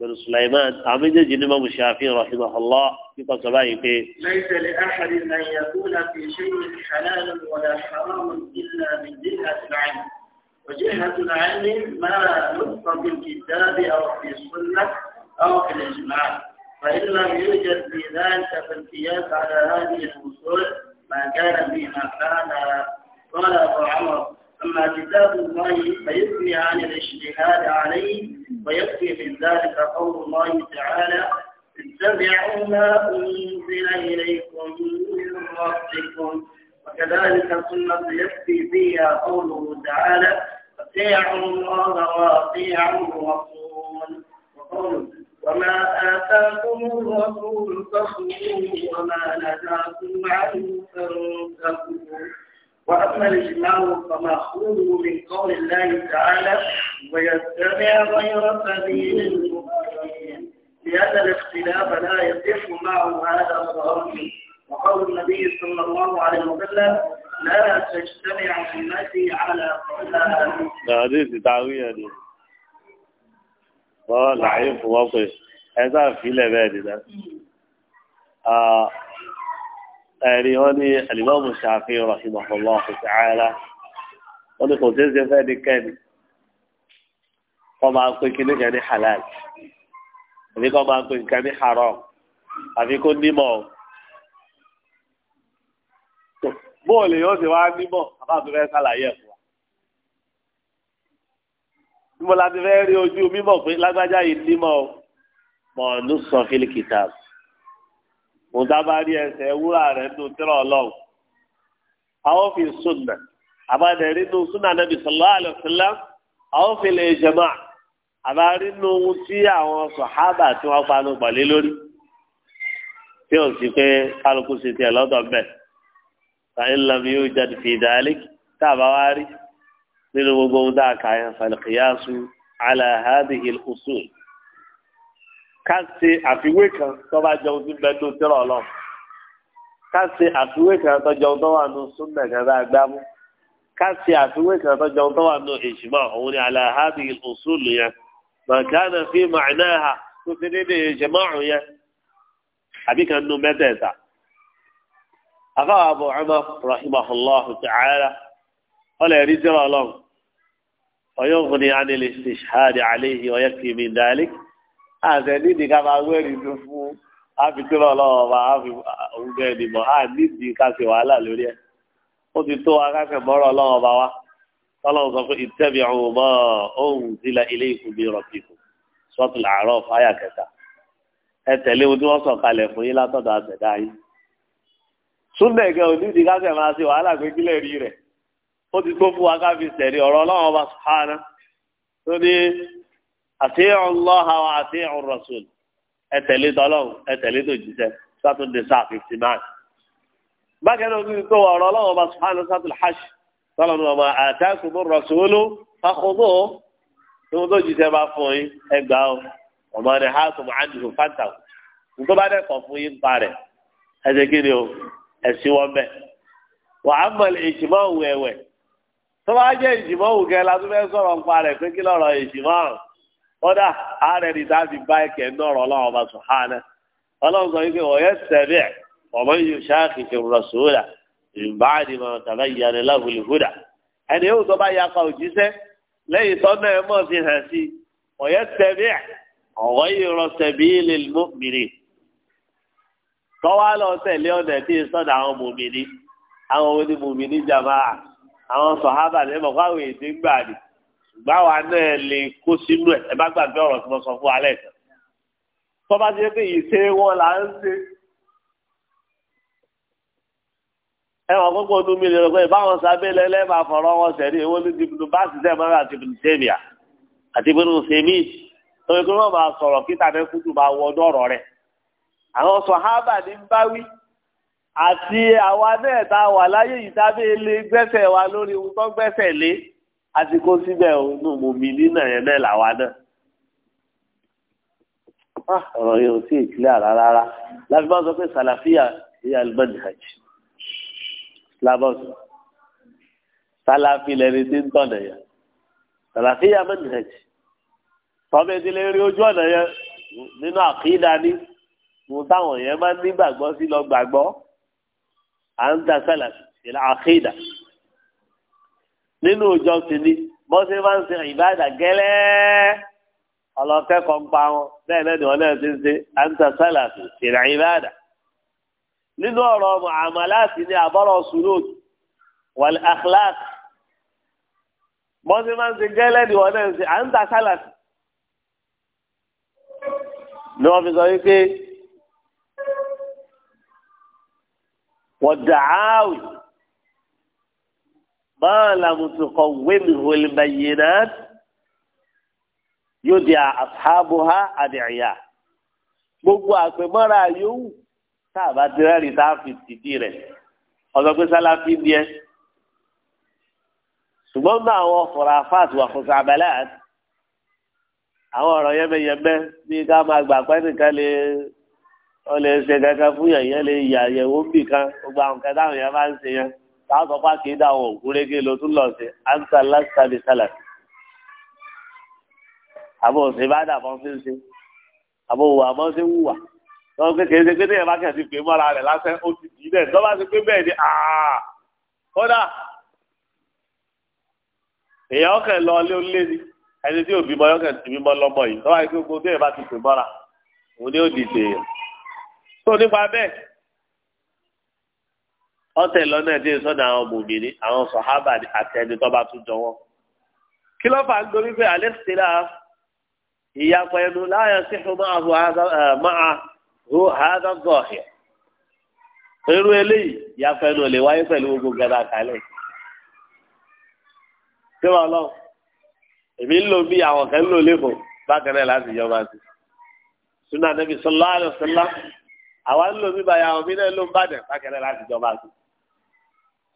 بن سليمان عميد جنما الشافعي رحمه الله في سبعين ليس لأحد أن يكون في شيء حلال ولا حرام إلا من جهة العلم وجهة العلم ما نطق في الكتاب أو في السنة أو في الإجماع فإن لم يوجد في ذلك فالقياس على هذه الأصول ما كان فيما كان طلب عمر أما كتاب الله فيثني عن الاجتهاد عليه ويكفي من ذلك قول الله تعالى اتبعوا ما أنزل إليكم من ربكم وكذلك سنة يكفي فيها قوله تعالى أطيعوا الله وأطيعوا الرسول وقوله وما آتاكم الرسول فخذوه وما نهاكم عنه فانتهوا وأما الإجماع فمأخوذه من قول الله تعالى ويتبع غير سبيل المؤمنين لأن الاختلاف لا يصح معه هذا الظهر وقول النبي صلى الله عليه وسلم لا تجتمع أمتي على قول قولها هذه تعوية دي اه لعيب واقف هذا في لبادي ده آه ẹ̀rí wọn ní alimami ṣàfi rahimahullahu ta'ala wọn ní kò ṣeéṣe fẹ́ ní kẹ́ni kọ́ máa ń pè kíní kan ní halal àbí kọ́ máa ń pè nǹkan ní haram àbí kó nímọ̀ bóòlù yóò ṣe wá nímọ̀ àbáàbí fẹ́ ṣàlàyé ẹ̀ fún wa. níbo la fẹ́ rí ojú mímọ̀ pé lágbájá yìí nímọ̀ mọ̀ọ́nù sọ fílíkìtàbù mo dábàá rí ẹsẹ̀ wúrà rẹ̀ nínú tírà ọlọ́run àwọn fi sunna àbádẹ́rì nínú sunna nàbì sallallahu alaihi wasallam àwọn fi lè jẹ̀mà àbárí nínú ohun tí àwọn sọ̀hábà tí wọ́n panu pàlẹ́ lórí tí ò sí pé kálukú sí tiẹ̀ lọ́dọ̀ bẹ́ẹ̀ fàyín lami yóò jáde fi dàlí tá a bá wá rí nínú gbogbo ohun tá a kà yẹn fàlùkìyàsù àlàhádìhìl usul ká ṣe àfiwé kan tó bá jẹun tí bẹ́ẹ̀ tó tẹ́rọ ọlọ́run ká ṣe àfiwé kan tó jẹun tó wà nù súnmẹ̀ kan tá a gbá mú ká ṣe àfiwé kan tó jẹun tó wà nù ìṣùmọ̀ òun ni aláhàbì òṣùlù yẹn màkánà fi màánà hà tó ti dédé ìṣẹ̀mọ̀ ọ̀hún yẹn àbí kan nù mẹ́tẹ̀ẹ̀ta. àfáwọn Abu Umar rahimahullahu ta'ala ọlẹ́rìí tẹ́rọ ọlọ́run ويغني عن الاستشهاد عليه ويكفي ذلك àṣẹ nídìí ká máa wẹ́rì tó fún áfitúrọ̀ ọlọ́wọ́ bá òun bẹ́ẹ̀ ni mọ̀ á nídìí ká ṣe wàhálà lórí ti tó wa ká fẹ̀ mọ́rọ̀ wa tọ́lọ́wọ́ sọ pé ìtẹ́bi ọ̀hún mọ́ ohun sílẹ̀ ilé ìkùnbí rọ̀pìkù sọ́tù làárọ̀ fáyà kẹta ẹ tẹ̀lé ohun tí wọ́n sọ kalẹ̀ fún yín látọ̀dọ̀ yín gẹ ká máa ṣe wàhálà rí rẹ̀ ó ti tó fún wa ká fi àti ọlọ́ha àti ọ̀rọ̀sùn ẹ tẹ̀lé tọ́lọ́hùn ẹ tẹ̀lé tó jíṣẹ́ sátúndé sáà fifty nine. bákan náà ní kó ọ̀rọ̀ ọlọ́wọ́ bá subhanahu sátúl hajj tọ́lọ́ ní ọmọ àtàkùn bó rọ̀sùlù fàkóbó tí wọ́n tó jíṣẹ́ bá fún yín ẹ gbà ó ọmọ rẹ̀ ha tó máa dùn fáńtà ó ní tó bá dẹ́kọ̀ fún yín pa rẹ̀ ẹ kí ni o ẹ wọn bẹ́ẹ̀. wà á mọ ìjìmọ̀ òwú ẹ̀wẹ̀ tó bá jẹ́ ìjìmọ̀ kódà ààrẹ ni dáàbì bá ẹkẹ nọrọ Ọlọ́run ọba sùhánà Ọlọ́run sọ wípé ọyẹ sẹbẹ ọmọ yìí ṣáàkì kì rọṣùlà ìbáàdì mọ tàbá ìyànnì láwùlùhùdà ẹni yóò tó bá yapa òjíṣẹ́ lẹ́yìn tó náà mọ fi hàn sí ọyẹ sẹbẹ ọwọ yìí rọṣẹbí lè mú mìíràn tọwọ tẹ̀lé ọdẹ tí ì sọdọ àwọn mòmìnir àwọn gbáwa náà lè kó sínú ẹ̀ ẹ bá gbàgbé ọ̀rọ̀ tí mo sọ fún alẹ́ kan tó bá ti pé ìṣe wọn là ń ṣe ẹ wọn kókó ọdún mi lè rọ pé báwọn sábẹ́ lẹ́lẹ́ máa fọ̀rọ̀ wọn sẹ̀rí èwo ní tìbùnú báàsì tẹ̀ mọ́ra àti tìbùnú sẹ́mìà àti tìbùnú sẹ́mì lórí pé wọ́n máa sọ̀rọ̀ kí tàbí kúndùn máa wọ ọdún ọ̀rọ̀ rẹ̀ àwọn sọ̀hábà ní báwí àti àwa náà tá wà láyé ìtàbí ilé gbẹ́sẹ̀ wa lórí ohun tó lé àti kó síbẹ̀ nù mú mi nínà yẹn náà làwa náà. Ah, ọ̀rọ̀ yẹn ò tí ì kílẹ̀ àrà rárá láti máa sọ pé sàlàfíà ní al-manhaj lábọ́sù sàlàfí lẹni tí ń tọ̀nà yẹn sàlàfíà manhaj tọ́mọ ìdílé rí ojú ọ̀nà yẹn nínú àkídà ni mo táwọn yẹn máa ń nígbàgbọ́ sí lọ gbàgbọ́ à ń da sàlàfí ìlà àkídà nínú ìjọ sini bọ́sẹ̀ máa ń ṣe ìbáàdà gẹ́lẹ́ ọlọ́kẹ́kọ̀ọ́ ń pa wọn bẹ́ẹ̀ lẹ́nu ọ̀nà ẹ̀ ti ń ṣe àǹtà sálàtì ìrìn ìbáàdà nínú ọ̀rọ̀ muamaláàtì ní àbọ̀rọ̀ sùlùt wal akhlaq bọ́sẹ̀ máa ń ṣe gẹ́lẹ́ ni ọ̀nà ẹ̀ ń ṣe àǹtà sálàtì ni wọ́n fi sọ wípé wọ́n dàáwì. ما لم تقومه البينات يدعى أصحابها أدعياء gbogbo àpèmọ́ra yòówù tá a bá ti rẹ́rìí tá a fi tìdí rẹ̀ ọ̀sọ̀ pé sáláfí ni ẹ́ ṣùgbọ́n ní àwọn fọ̀ràfáàtì wà fún sàbẹ̀lẹ̀ àti àwọn ọ̀rọ̀ yẹ́mẹ́yẹ́mẹ́ bí ká máa gbà pé nìkan lè ọ lè ṣe kankan fún yẹ̀yẹ́ lè yà yẹ̀wò bì gbogbo àwọn kẹta àwọn yẹn máa ń ṣe yẹn káàtó pa kì í dá àwọn òkú régé ló tún lọ sí ansa lásìtàbí sálà àbò òsè bá dà fọ́n fi ń ṣe àbò òwò àbọ̀ ṣe ń wà lọ́wọ́ pé kèéṣe pé téèyàn bá kẹ̀ sí pé mọ́ra rẹ̀ lásán ó ti dì í bẹ́ẹ̀ tó bá ti pé bẹ́ẹ̀ ni kódà èèyàn kẹ̀ lọ ilé onílé ni ẹni tí òbí mọ yọ kẹ̀ tìbí mọ lọ́mọ yìí lọ́wọ́ àìkú gbogbo téèyàn bá ti pè mọ́ra òun ni ó dìde tó nípa bẹ́ẹ̀ ọtẹ lọnà ẹdín sọ́dọ̀ àwọn mòmìnì àwọn sọhábà àti ẹni tó bá tún jọ wọn. kí ló fà ń dorí pé alẹ́ ti rà ìyapa ẹnu láàyè síhùn máa hu máa hu hàdán gọ̀ọ̀hìn. irú eléyìí ìyapa ẹnu lè wáyé pẹ̀lú gbogbo gẹ́gẹ́ àkàlẹ̀. ṣé wàá lọ èmi ń lò bí àwọn kan ń lò lẹ́kọ̀ọ́ bákan náà láti yọba sí. sunan nabi sallallahu alaihi wasallam àwa ń lò bí báyà àwọn mi náà ló ń bàdàn bákan náà láti yọba sí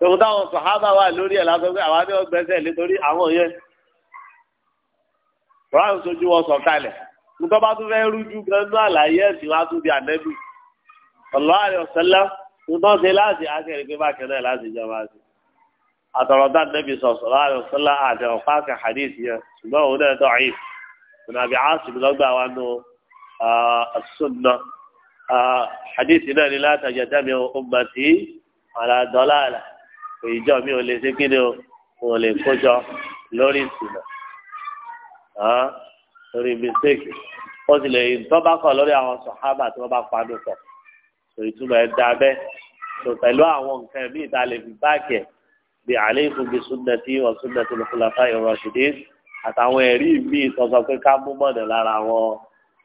tòun táwọn sàhábà wà lórí ẹ̀ lásán pé àwa ní ọgbẹ́sẹ̀ nítorí àwọn yẹn ránù sojú wọn sọ kalẹ̀ nítorí bá tún fẹ́ rújú ganú àlàyé ẹ̀sìn wá tún di ànẹ́bì ọ̀lọ́ àrẹ ọ̀sẹ́lá nítorí ṣe láti akẹ́rì pé bákẹ́ náà láti jẹ́ máa ṣe àtọ̀rọ̀dá ànẹ́bì sọ̀sọ̀ láàrẹ ọ̀sẹ́lá àti ọ̀fáàkì hadith yẹn ṣùgbọ́n òun náà tọ̀ ayé ìnàbí àásùn lọ́gbà wa nù àṣùnà hadith náà ni látàjẹ́ tẹ́mi ọmọ tí àlàdọ́lá àlà ìjọ mi ò lè ṣe kí ni o wọn lè kójọ lórí ìsìnà lórí mistake ó sì lè tó bá kọ lórí àwọn sọ̀hábà tí wọ́n bá panu pọ̀ lórí túmọ̀ ẹ̀ dá bẹ́ẹ̀ tó pẹ̀lú àwọn nǹkan míì tá a lè fi báàkì ẹ̀ bí alaykum bí sunnati wa sunnati al-khulafa'ir rashidin àtàwọn ẹ̀rí míì sọ̀sọ̀ pé ká mú mọ̀nà lára àwọn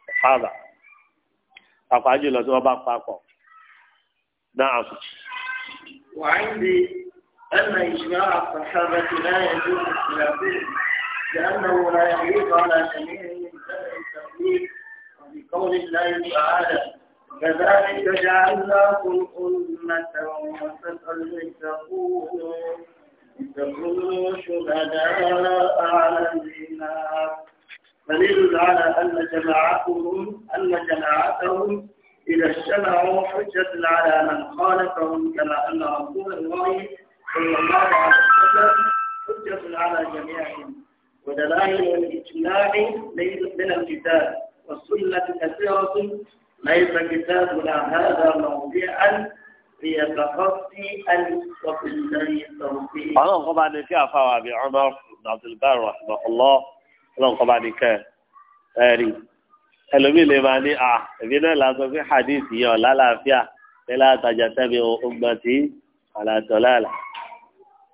sọ̀hábà pàpà jùlọ tí wọ́n bá papọ̀ náà. wàá ń di. أن إجماع الصحابة لا يجوز اختلافهم لأنه لا يليق على جميعهم سبع التقليد وبقول الله تعالى كذلك جعلناكم أمة وسطا لتكونوا لتكونوا شهداء على الناس دليل على أن جماعتهم أن جماعتهم إذا اجتمعوا حجة على من خالفهم كما أن رسول الله والمناعة حجة على جميعهم ودلائل الاجتماع ليست من الكتاب والسنة كثيرة ليس كتابنا هذا موضعا Ọlọ́run kọ́ bá ní kí àfáwà àbí ọmọ Abdulbar Rahimahullah ọlọ́run kọ́ bá ní kẹ́ ẹ̀rí. Ẹlòmí lè máa ní à ah, èmi náà lásán pé hadith yẹn ọ̀lá láàfíà pé látàjà ọgbọ̀n tí àlàtọ̀ láàlà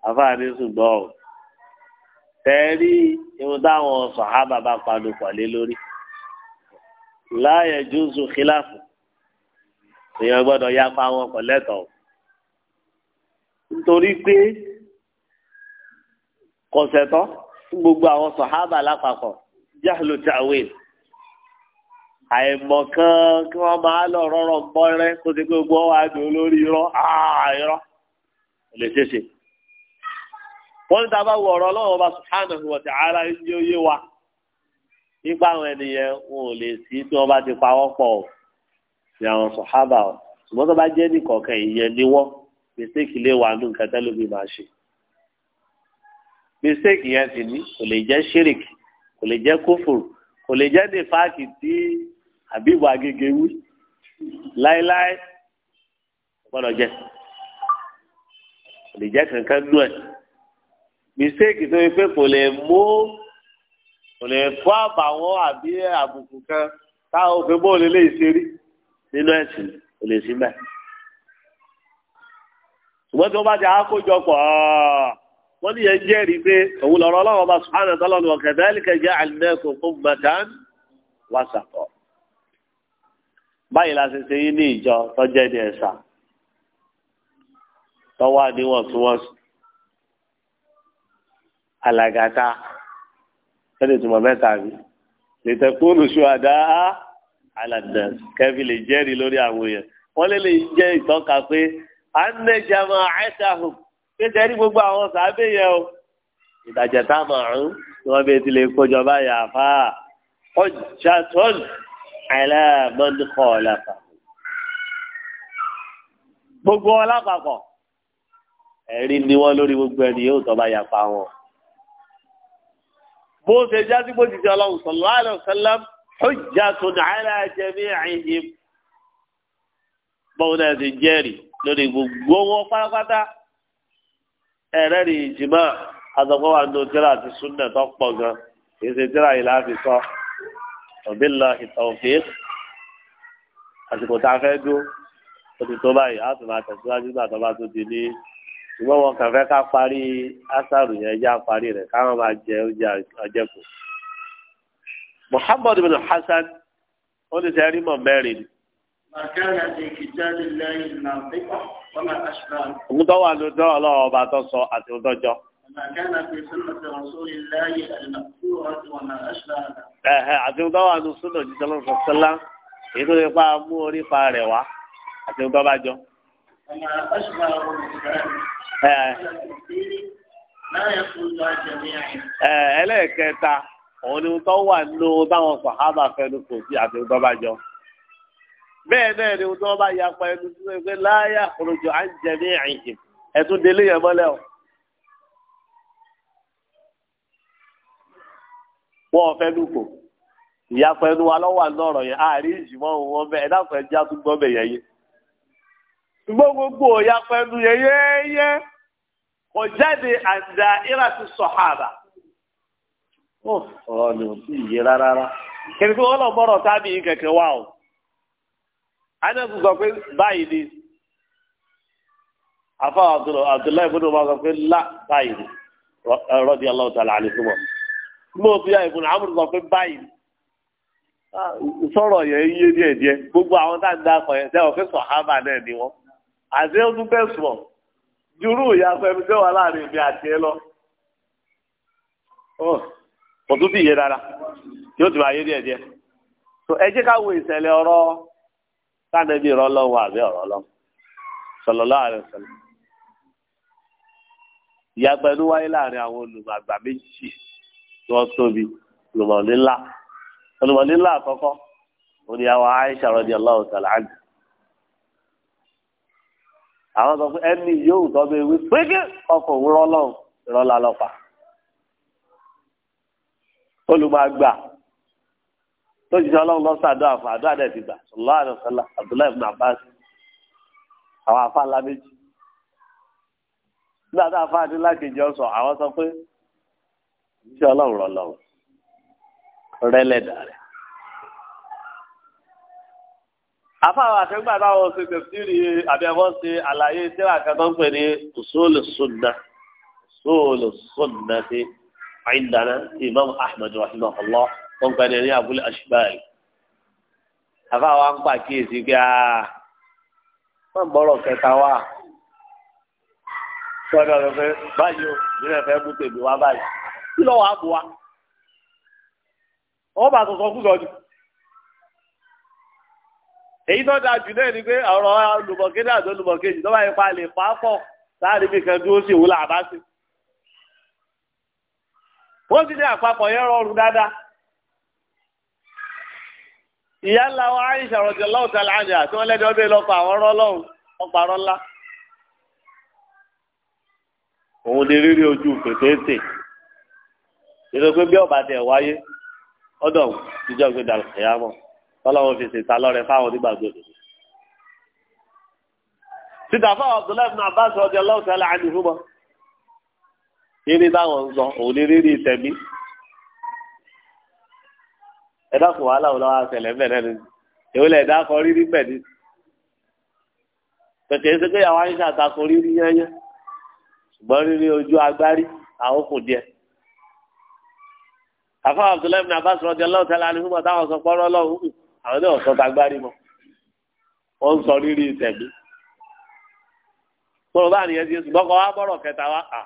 àfáàní ṣùgbọ́n o tẹ́rí ihun táwọn sọ̀hábà bá panu pọ̀lé lórí láàyè júùsù kíláàfù èèyàn gbọ́dọ̀ yapa wọn pọ̀lẹ́tọ̀ nítorí pé kọ̀sẹ̀tọ́ fún gbogbo àwọn sọ̀hábà lápapọ̀ jáàlù tàwé àìmọ̀ kan kí wọ́n máa lọ rọ́rọ̀ gbọ́rẹ́ kó ti gbogbo wa dùn lórí irọ́ àà irọ́ kò lè ṣeé wọ́n ní tábà wọ ọ̀rọ̀ ọlọ́run ọba subhanahu wa ta'ala ní oyé wa nípa àwọn ènìyàn wọn ò lè sí tí wọ́n bá ti pawọ́ pọ̀ ọ́ ní àwọn sọ̀hábà ọ̀ ṣùgbọ́n tó bá jẹ́ nìkọ̀ọ̀kan ìyẹn ni wọ́n mistake lè wà nù nǹkan tẹ́lómi máa ṣe mistake yẹn ti ní kò lè jẹ́ shirik kò lè jẹ́ kófòrò kò lè jẹ́ nífàákì tí àbíwò agége wí láéláé gbọ́dọ̀ jẹ́ kò lè jẹ́ kankan nú ẹ̀ mistake tó yẹ pé kò lè mú kò lè fọ́ àbàwọ́n àbí àbùkù kan táwọn òfin bóòlù lè ṣe rí nínú ẹ̀sìn kò lè sí bẹ́ẹ̀. ṣùgbọ́n tí wọ́n bá ti àkójọpọ̀ wọ́n ní yẹn jẹ́rìí pé òun lọ́rọ́ ọlọ́wọ́n bá sùn àná tọ́lọ́ ní ọ̀kẹ́ bẹ́ẹ̀ lìkẹ́ jẹ́ fún mẹ́tàn wàṣàkọ́. báyìí la ṣe ṣe yín ní ìjọ tọ́jẹ́ ní ẹ̀sà tọ́wọ́ àdéhùn tí alàgàtà ẹni tó mọ mẹ́ta mi lẹtẹ kó lóṣù àdá alàdà kẹfì lè jẹ́rìí lórí àwọn èèyàn wọn lè lè jẹ ìtọ́ka pé anẹjàmọ àìsàhùn pété ẹni gbogbo àwọn sàábẹ yẹn o ìdàjẹta màrún ni wọn bẹ ti lè kójọ báyà fà ọjà tọ́lù àìlẹ́mọ́ndúkọ̀ ọ̀làfà gbogbo ọlápapọ̀ ẹ̀rí ni wọ́n lórí gbogbo ẹni yóò tọ́ bá yapa wọn bó ṣe já sí bó ti ṣe ọlọ́run sallallahu alaihi wasallam hujjatun ala jami'ihim bọ́wọ́n náà ti jẹ́rìí lórí gbogbo wọn pátápátá ẹ̀rẹ́ rí ìjìmá àtọ̀pọ̀ wà nínú tíra àti súnà tó pọ̀ gan kì í ṣe tíra yìí láti sọ billahi tawfiq àsìkò tá a fẹ́ dúró ó ti tó báyìí á tún máa tẹ̀síwájú gbà tó bá tó di ní. ṣùgbọ́n wọn kàn fẹ́ ká parí asaru yẹn já parí rẹ̀ káwọn máa jẹ oúnjẹ àjẹkù. muhammadu bin hasan ó ní sẹ́rí mọ̀ mẹ́rin ni. òun tó wà ní ọjọ́ ọlọ́wọ́ ọba tó sọ àti ọjọ́ jọ. ẹ̀hẹ̀ àti ọjọ́ wà ní súnà jíjọ́ lọ́sọ̀ọ́sọ́lá èyí tó lè pa mú orí pa rẹ̀ wá àti bá jọ. وما ẹlẹ́ẹ̀kẹta òun ni tó wà nínú táwọn sàhábà fẹnu kò sí àti tó bá jọ bẹ́ẹ̀ náà ni tó bá ya pa ẹnu sílẹ̀ pé láyà òròjò à ń jẹ ní àyìn ẹ̀tún délé yẹn mọ́lẹ̀ o. wọ́n fẹ́ nù ìyá pẹ̀lú wa lọ́wọ́ àná ọ̀rọ̀ yẹn àárín ìjùmọ̀ òun wọn bẹ́ẹ̀ ẹ̀dá pẹ̀lú jásùgbọ́n bẹ̀yẹ̀ yìí. ṣùgbọ́n gbogbo ọ̀yà pẹ̀lú yẹ́yẹ́ kò jáde àdá ìrà ti sọ̀hàbà. ọ̀rọ̀ ni iye rárá. kìrì pé lọ bọ́rọ̀ sábì kẹ̀kẹ́ o. anẹ́sùn sọ pé báyìí ni afa abdullahi ibùdó máa sọ pé là báyìí ni rọ́bì aláwọ̀ mo amúlù ah, gbogbo àwọn tá ń yẹn sẹ́wọ̀n náà ni àti ó tún bẹ́ẹ̀ sùn jurú wà láàrin mi àti ẹ lọ. kò tún ti yé dára yóò ti máa yé díẹ̀ díẹ̀. ẹ jẹ́ ká ìṣẹ̀lẹ̀ ọ̀rọ̀ lọ́wọ́ àbí ọ̀rọ̀ ọlọ́run wáyé láàrin àwọn olùgbàgbà méjì tí wọ́n tóbi àkọ́kọ́ àwọn sọ pé ẹni yóò tọ́ bẹ wí pégé ọkọ̀ òwúrọ̀ lọ́hùn ìrọ̀lá lọ́fà olùmọ̀gbà tó jíjẹ ọlọ́run lọ sàdọ́ àfọ àdó àdẹ ti gbà sallallahu alaihi Abdullahi ibn Abbas àwọn afá ńlá méjì nígbà tá a àdé lákejì ọ̀sọ̀ àwọn sọ pé jíjẹ ọlọ́run rọ̀ lọ́rùn rẹ́lẹ̀dà rẹ̀ afáwọn àtẹgbà táwọn ṣe tẹ̀síìrì àbẹ̀wọ́n ṣe àlàyé sẹ́wà kan tó ń pè ní usulu sunna usulu sunna ti indana ti imam ahmed rahimahullah wọn gbà ní abul ashbal afáwọn ń pàkíyèsí pé wọn bọ̀rọ̀ kẹta wá sọ́dọ̀ rẹ̀ fẹ́ báyìí o ìrẹ̀ fẹ́ mú tèmi wá báyìí kí lọ́wọ́ àbúwá wọ́n bá sọ̀sọ̀ kú sọ́dún èyí tó dáa jù náà ni pé ọ̀rọ̀ olùbọ̀kéde àti olùbọ̀kejì tó bá yẹ pa lè pa á pọ̀ láàrin bí kan dúró sí òun là bá sí. wọ́n ti ní àpapọ̀ yẹn rọrùn dáadáa. ìyá ńlá wa Aisha radiyallahu ta'ala anha tí wọ́n lẹ́jọ́ bẹ́ẹ̀ lọ́pọ̀ àwọn ọ̀rọ̀ ọlọ́run ọ̀pọ̀ àrọ́ ńlá. òun lè rírí ojú pèpèsè ìrẹ́pẹ́ bí ọ̀bàdàn wáyé ọ̀dọ̀ ìjọba ìdàlùkẹ́yàmọ̀ tọ́lọ́wọ́ fi ṣèta lọ́rẹ̀ fáwọn onígbàgbọ́ òdòdó. títà fáwọn Abdullahi ibn Abbas ọdí ọlọ́run tẹ́lẹ̀ àdìfúnmọ́ yíní táwọn ń sọ òun ní rírì tẹ̀mí. ẹ dákun wàhálà wọn lọ́wọ́ àṣẹlẹ̀ ń bẹ̀rẹ̀ nínú èwo lẹ̀ dákọ rírí bẹ̀ ní. kẹ̀kẹ́ ṣe pé àwọn àyíṣà takò rírí yányán ṣùgbọ́n rírí ojú agbárí àwọn kò díẹ̀ àfáwọn Abdullahi ibn Abbas ọdí ọlọ́run tẹ́lẹ̀ àdìfúnmọ́ táwọn sọ pọ́nrọ́ ọlọ́run àwọn náà sọ tagbárí mọ wọn ń sọ rírì ìtẹ̀mí kúrò bá nìyẹn ti ṣùgbọ́n kọ́ wá bọ̀rọ̀ kẹta wá à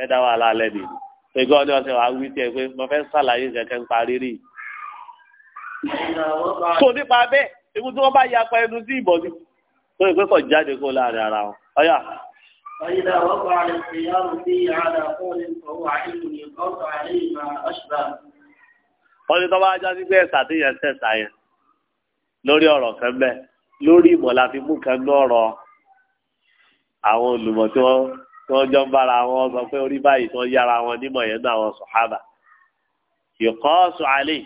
ẹ dá wà lálẹ́ nìyí ẹgbẹ́ ọdún ọ̀sẹ̀ wàá wí tiẹ̀ pé mo fẹ́ sàlàyé kẹ̀kẹ́ ń pa rírì. tó nípa bẹ́ẹ̀ ewu tí wọ́n bá ya pa ẹnu sí ìbọn ni tó ìpé kọ̀ jáde kó láàrin ara wọn. ọ̀yà. ọ̀yà wọ́n pa àrùn ìyáwó sí àrà fún ìfọwọ́ àìlú ìkọ́sọ̀ àlẹ́ ìmọ̀ ọ̀ṣ lórí ọ̀rọ̀ kan bẹ lórí ìmọ̀ la fi mú kan ní ọ̀rọ̀ àwọn olùmọ̀ tí wọ́n tí wọ́n jọ ń bára wọn sọ pé orí báyìí tí wọ́n yára wọn nímọ̀ yẹn náà wọn sọ̀hábà ìkọ́sù alẹ́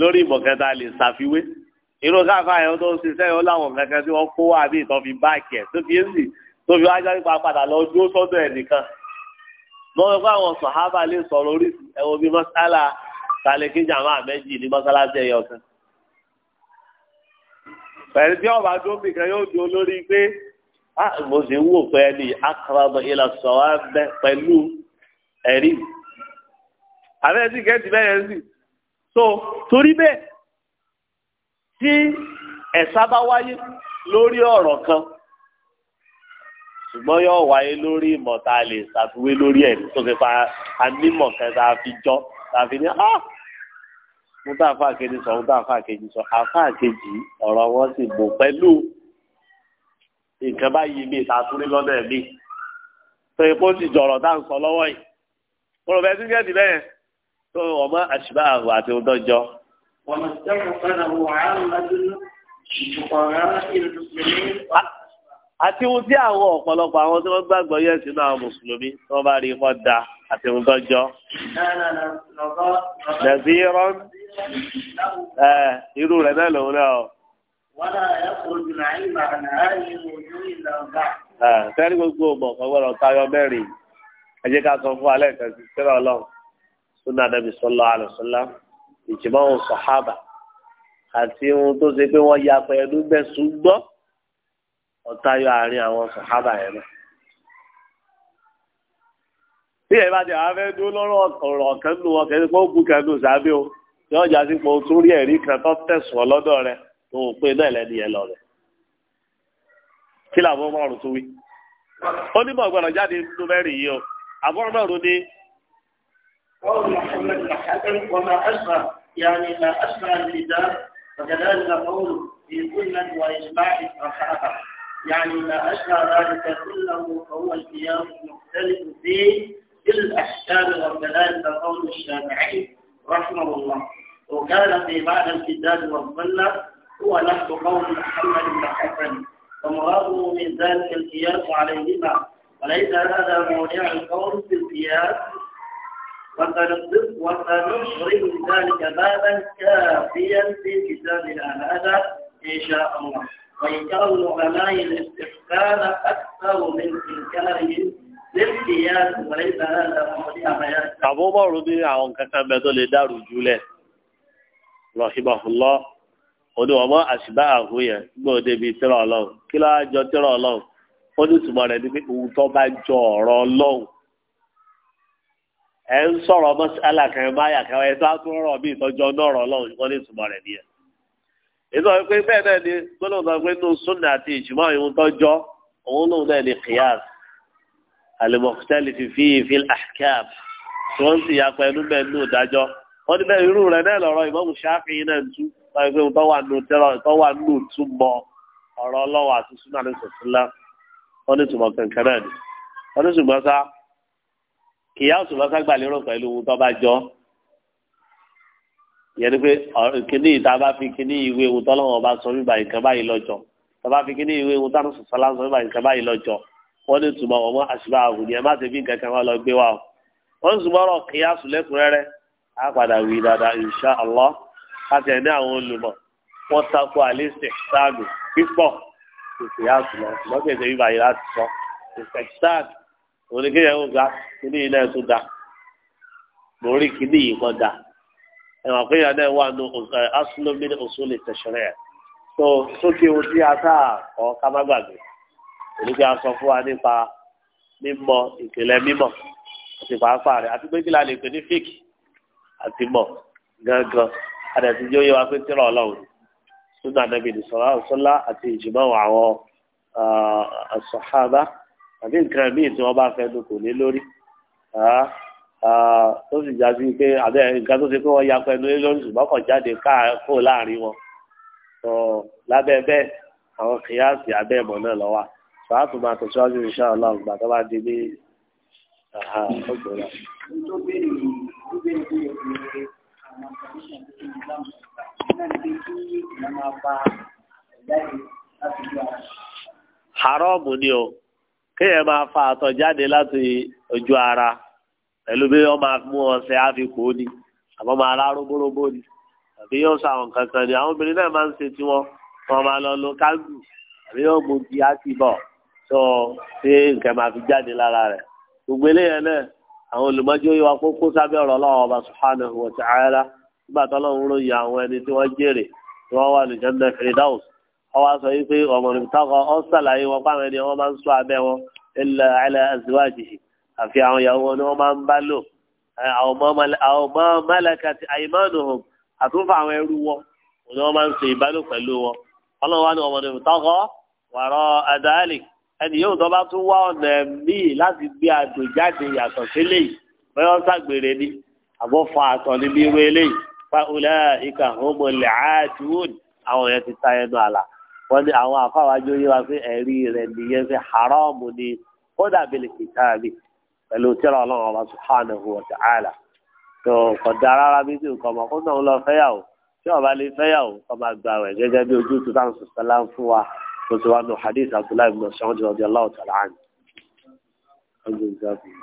lórí ìmọ̀ kẹta lè ṣàfiwé irú káfá yẹn tó ń ṣiṣẹ́ yẹn ó láwọn kankan tí wọ́n kó wá bí ìtàn fi báàkì ẹ̀ tó fi ń sì tó fi wájú nípa padà lọ dúró sọ́dọ̀ ẹ̀ nìkan wọ́n sọ pé àwọn sọ̀hábà lè sọ̀rọ̀ orí ẹ̀wọ̀n bíi mọ́sálà tàlẹ́kíjà méjì ní mọ́sálásí ẹ̀yọ̀ kan pẹ̀lú tí ọba tó ń bìkan yóò di olórí pé mo sì ń wò pé ẹni akarabọ ilà sọ̀rọ̀ abẹ pẹ̀lú ẹ̀rí abẹ́rẹ́ kẹ́tì bẹ́ẹ̀ yẹn sì so torí bẹ́ẹ̀ tí ẹ̀sà bá wáyé lórí ọ̀rọ̀ kan ṣùgbọ́n yóò wáyé lórí ìmọ̀ tá a lè ṣàfiwé lórí ẹ̀ tó fi pa anímọ̀ kẹta fi jọ tàbí ní ah wọn tá àfa kejì sọ wọn tá àfa kejì sọ àfa kejì ọ̀rọ̀ wọn sì bò pẹ̀lú nǹkan báyìí mi ta tún ní lọ́dọ̀ mi tó epo ti jọ̀rọ̀ tá à ń sọ lọ́wọ́ yìí kúrò bẹ́ẹ̀ tún bẹ́ẹ̀ tó ọmọ àṣìbá àrùn àti ohun tó jọ. àti ohun tí àwọn ọ̀pọ̀lọpọ̀ àwọn tí wọ́n gbàgbọ́ yẹ̀ sínú àwọn mùsùlùmí tí wọ́n bá rí i da àti ohun tó jọ. nàzírọ́n ẹ irú rẹ̀ náà lòun náà o. wọ́n á yẹ kó jùlọ ayé màá nà á yẹ ojú ìlànà. sẹ́ni gbogbo ọmọ kan gbọ́dọ̀ tayọ mẹ́rin ẹ jẹ́ ká sọ fún alẹ́ kan sí sẹ́rẹ̀ ọlọ́run sunna anabi sọlọ alùsọlá ìjìmọ̀ ohun sọ̀hábà àti ohun tó ṣe pé wọ́n ya pẹ̀lú gbẹ̀sùn gbọ́ ọ̀tayọ àárín àwọn sọ̀hábà yẹn náà bí ẹ bá jẹ àwọn afẹ́ dúró lọ́rọ̀ ọ̀rọ̀ kan nù wọn kẹ́ni kó kẹ́nu sábẹ́ o yọ ọjà sí pé o tún rí ẹ̀rí kan tó tẹ̀sùn ọlọ́dọ̀ rẹ tó ń pè náà lẹ́ni yẹn lọ rẹ. kí làwọn ọmọ ọrùn tún wí. ó ní bọ̀ gbọ́dọ̀ jáde nínú mẹ́rin yìí o àbọ̀ ọmọ ọrùn ni. قول محمد بن حسن وما أشبه يعني ما أشبه النداء وكذلك قوله في سنة وإجماع الصحابة يعني ما أشبه ذلك كله فهو القيام المختلف فيه بالأحكام وكذلك قول الشافعي رحمه الله وكان في معنى الكتاب والظلة هو نفس قول محمد بن حسن ومراده من ذلك القياس عليهما وليس هذا موضع القول في القياس وسنشرح ذلك بابا كافيا في كتابنا هذا إن شاء الله وإنكار العلماء الاستحسان أكثر من إنكارهم àbúmọ̀rún ní àwọn kankan bẹ tó lè dàrú jùlẹ̀ rahimahullah oníwọ̀mọ́ àṣìbá àhún yẹn gbọ́n débi tẹ́rọ ọlọ́run kí ló á jọ tẹ́rọ ọlọ́run ó ní ìtumọ̀ rẹ̀ ní pé òun tó bá jọ ọ̀rọ̀ ọlọ́run ẹ ń sọ̀rọ̀ mọ́sálà kan máyà kan ẹ tó á tún rọ̀ bí ìtọ́jọ́ náà rọ̀ ọlọ́run wọ́n ní ìtumọ̀ rẹ̀ al-mukhtalifi fihi fil ahkam tí wọ́n sì yà pẹ̀lú bẹ́ẹ̀ ní òdájọ́ wọ́n ní bẹ́ẹ̀ irú rẹ̀ náà lọ́rọ̀ Imam Shafi'i náà ń tú báyìí pé tó wà nù tẹ́lọ̀ tó wà nù túmọ̀ ọ̀rọ̀ ọlọ́wọ́ àti súnà ní sọ̀túnlá wọ́n ní túmọ̀ kankan náà ni wọ́n ní ṣùgbọ́n sá kìyà ṣùgbọ́n sá gbàlérò pẹ̀lú ohun tó bá jọ yẹn ni pé kíní ìta bá fi kíní ìwé ohun tọ́lọ́wọ́ bá sọ wọ́n ní tùmọ̀ wọ́n mọ́ àṣìbá àwùjọ ẹ má ti fi nǹkan kan wá lọ gbé wa o ń padà wí dáadáa Allah láti ẹ̀ ní àwọn olùmọ̀ wọ́n takò àlẹ́sẹ̀ sáàgù pípọ̀ kìí àsùnlẹ̀ ṣe sọ sáàgù ga da lórí yìí kan da náà wà nù èyí tí a sọ fún wa nípa mímọ̀ ìpìlẹ̀ mímọ̀ àti pàápàá rẹ̀ àti pé kí la lè pè ní fíìkì àti mọ̀ gángan àdàtí yóò yẹ wá pé tíra ọlọ́run sunna anabi ní sọlá ọsọlá àti ìjùmọ̀ àwọn asọ̀hábà àbí nǹkan míì tí wọ́n bá fẹ́ nu kò ní lórí tó sì já sí pé àbẹ́ nǹkan tó ṣe pé wọ́n ya pẹ̀lú lórí ṣùgbọ́n kàn jáde kó láàrin wọn lábẹ́ bẹ́ẹ̀ àwọn kìyàsì abẹ́ ìmọ̀ náà lọ́wọ́ sàátù máa tẹ̀síwájú ìṣá ọlọ́run gbà tó bá di bí ọgbọ̀nà. haramu ni o kéèyàn máa fa àtọ̀ jáde láti ojú ara pẹ̀lú bí wọ́n máa mú ọṣẹ àfikún ó ní àbọ̀ máa rá rógbórógbó ni àbí yóò sa àwọn kankan ni àwọn obìnrin náà máa ń ṣe tiwọn wọn máa lọ lo kágù àbí yóò gbòógì á ti sọ ṣé nǹkan máa fi jáde lára rẹ̀ gbogbo eléyẹn náà àwọn olùmọ́jú yóò wá kó kó sábẹ́ ọ̀rọ̀ ọlọ́run ọba subhanahu wa ta'ala nígbà tó lọ́run ló yẹ àwọn ẹni tí wọ́n jèrè tí wọ́n wà ní jẹ́ndẹ̀ firdaus ọwọ́ sọ yìí pé ọmọ ọ sàlàyé sọ wọn àfi àwọn ìyàwó wọn ni máa ń bá lò àwọn ọmọ àtúnfà àwọn ẹrú wọn ni máa ẹni yóò tọ́ bá tún wá ọ̀nà míì láti gbé àgbè jáde yàtọ̀ sílé yìí bẹ́ẹ̀ wọ́n ṣàgbèrè ni àbọ̀ fa àtọ̀ níbi irú eléyìí fa ulẹ̀ ìkà homo lẹ̀ áàdùn àwọn yẹn ti ta ẹnu àlà wọ́n ní àwọn àfáwájú yé wa pé ẹ̀rí rẹ̀ nìyẹn fi haramu ni kódà bẹ̀lẹ̀ kìtà mi pẹ̀lú tíra ọlọ́run ọba subhanahu wa ta'ala tó kọ̀dá rárá bí tí nǹkan ọmọkùnrin náà lọ fẹ́yàwó tí ọba lè fẹ́yàwó kọ́ máa gbà wẹ̀ gẹ́gẹ́ bí ojú tuntun sọ̀tàn fún wa فسوانو حديث عبد الله بن مسعود رضي الله تعالى عنه عبد الزابي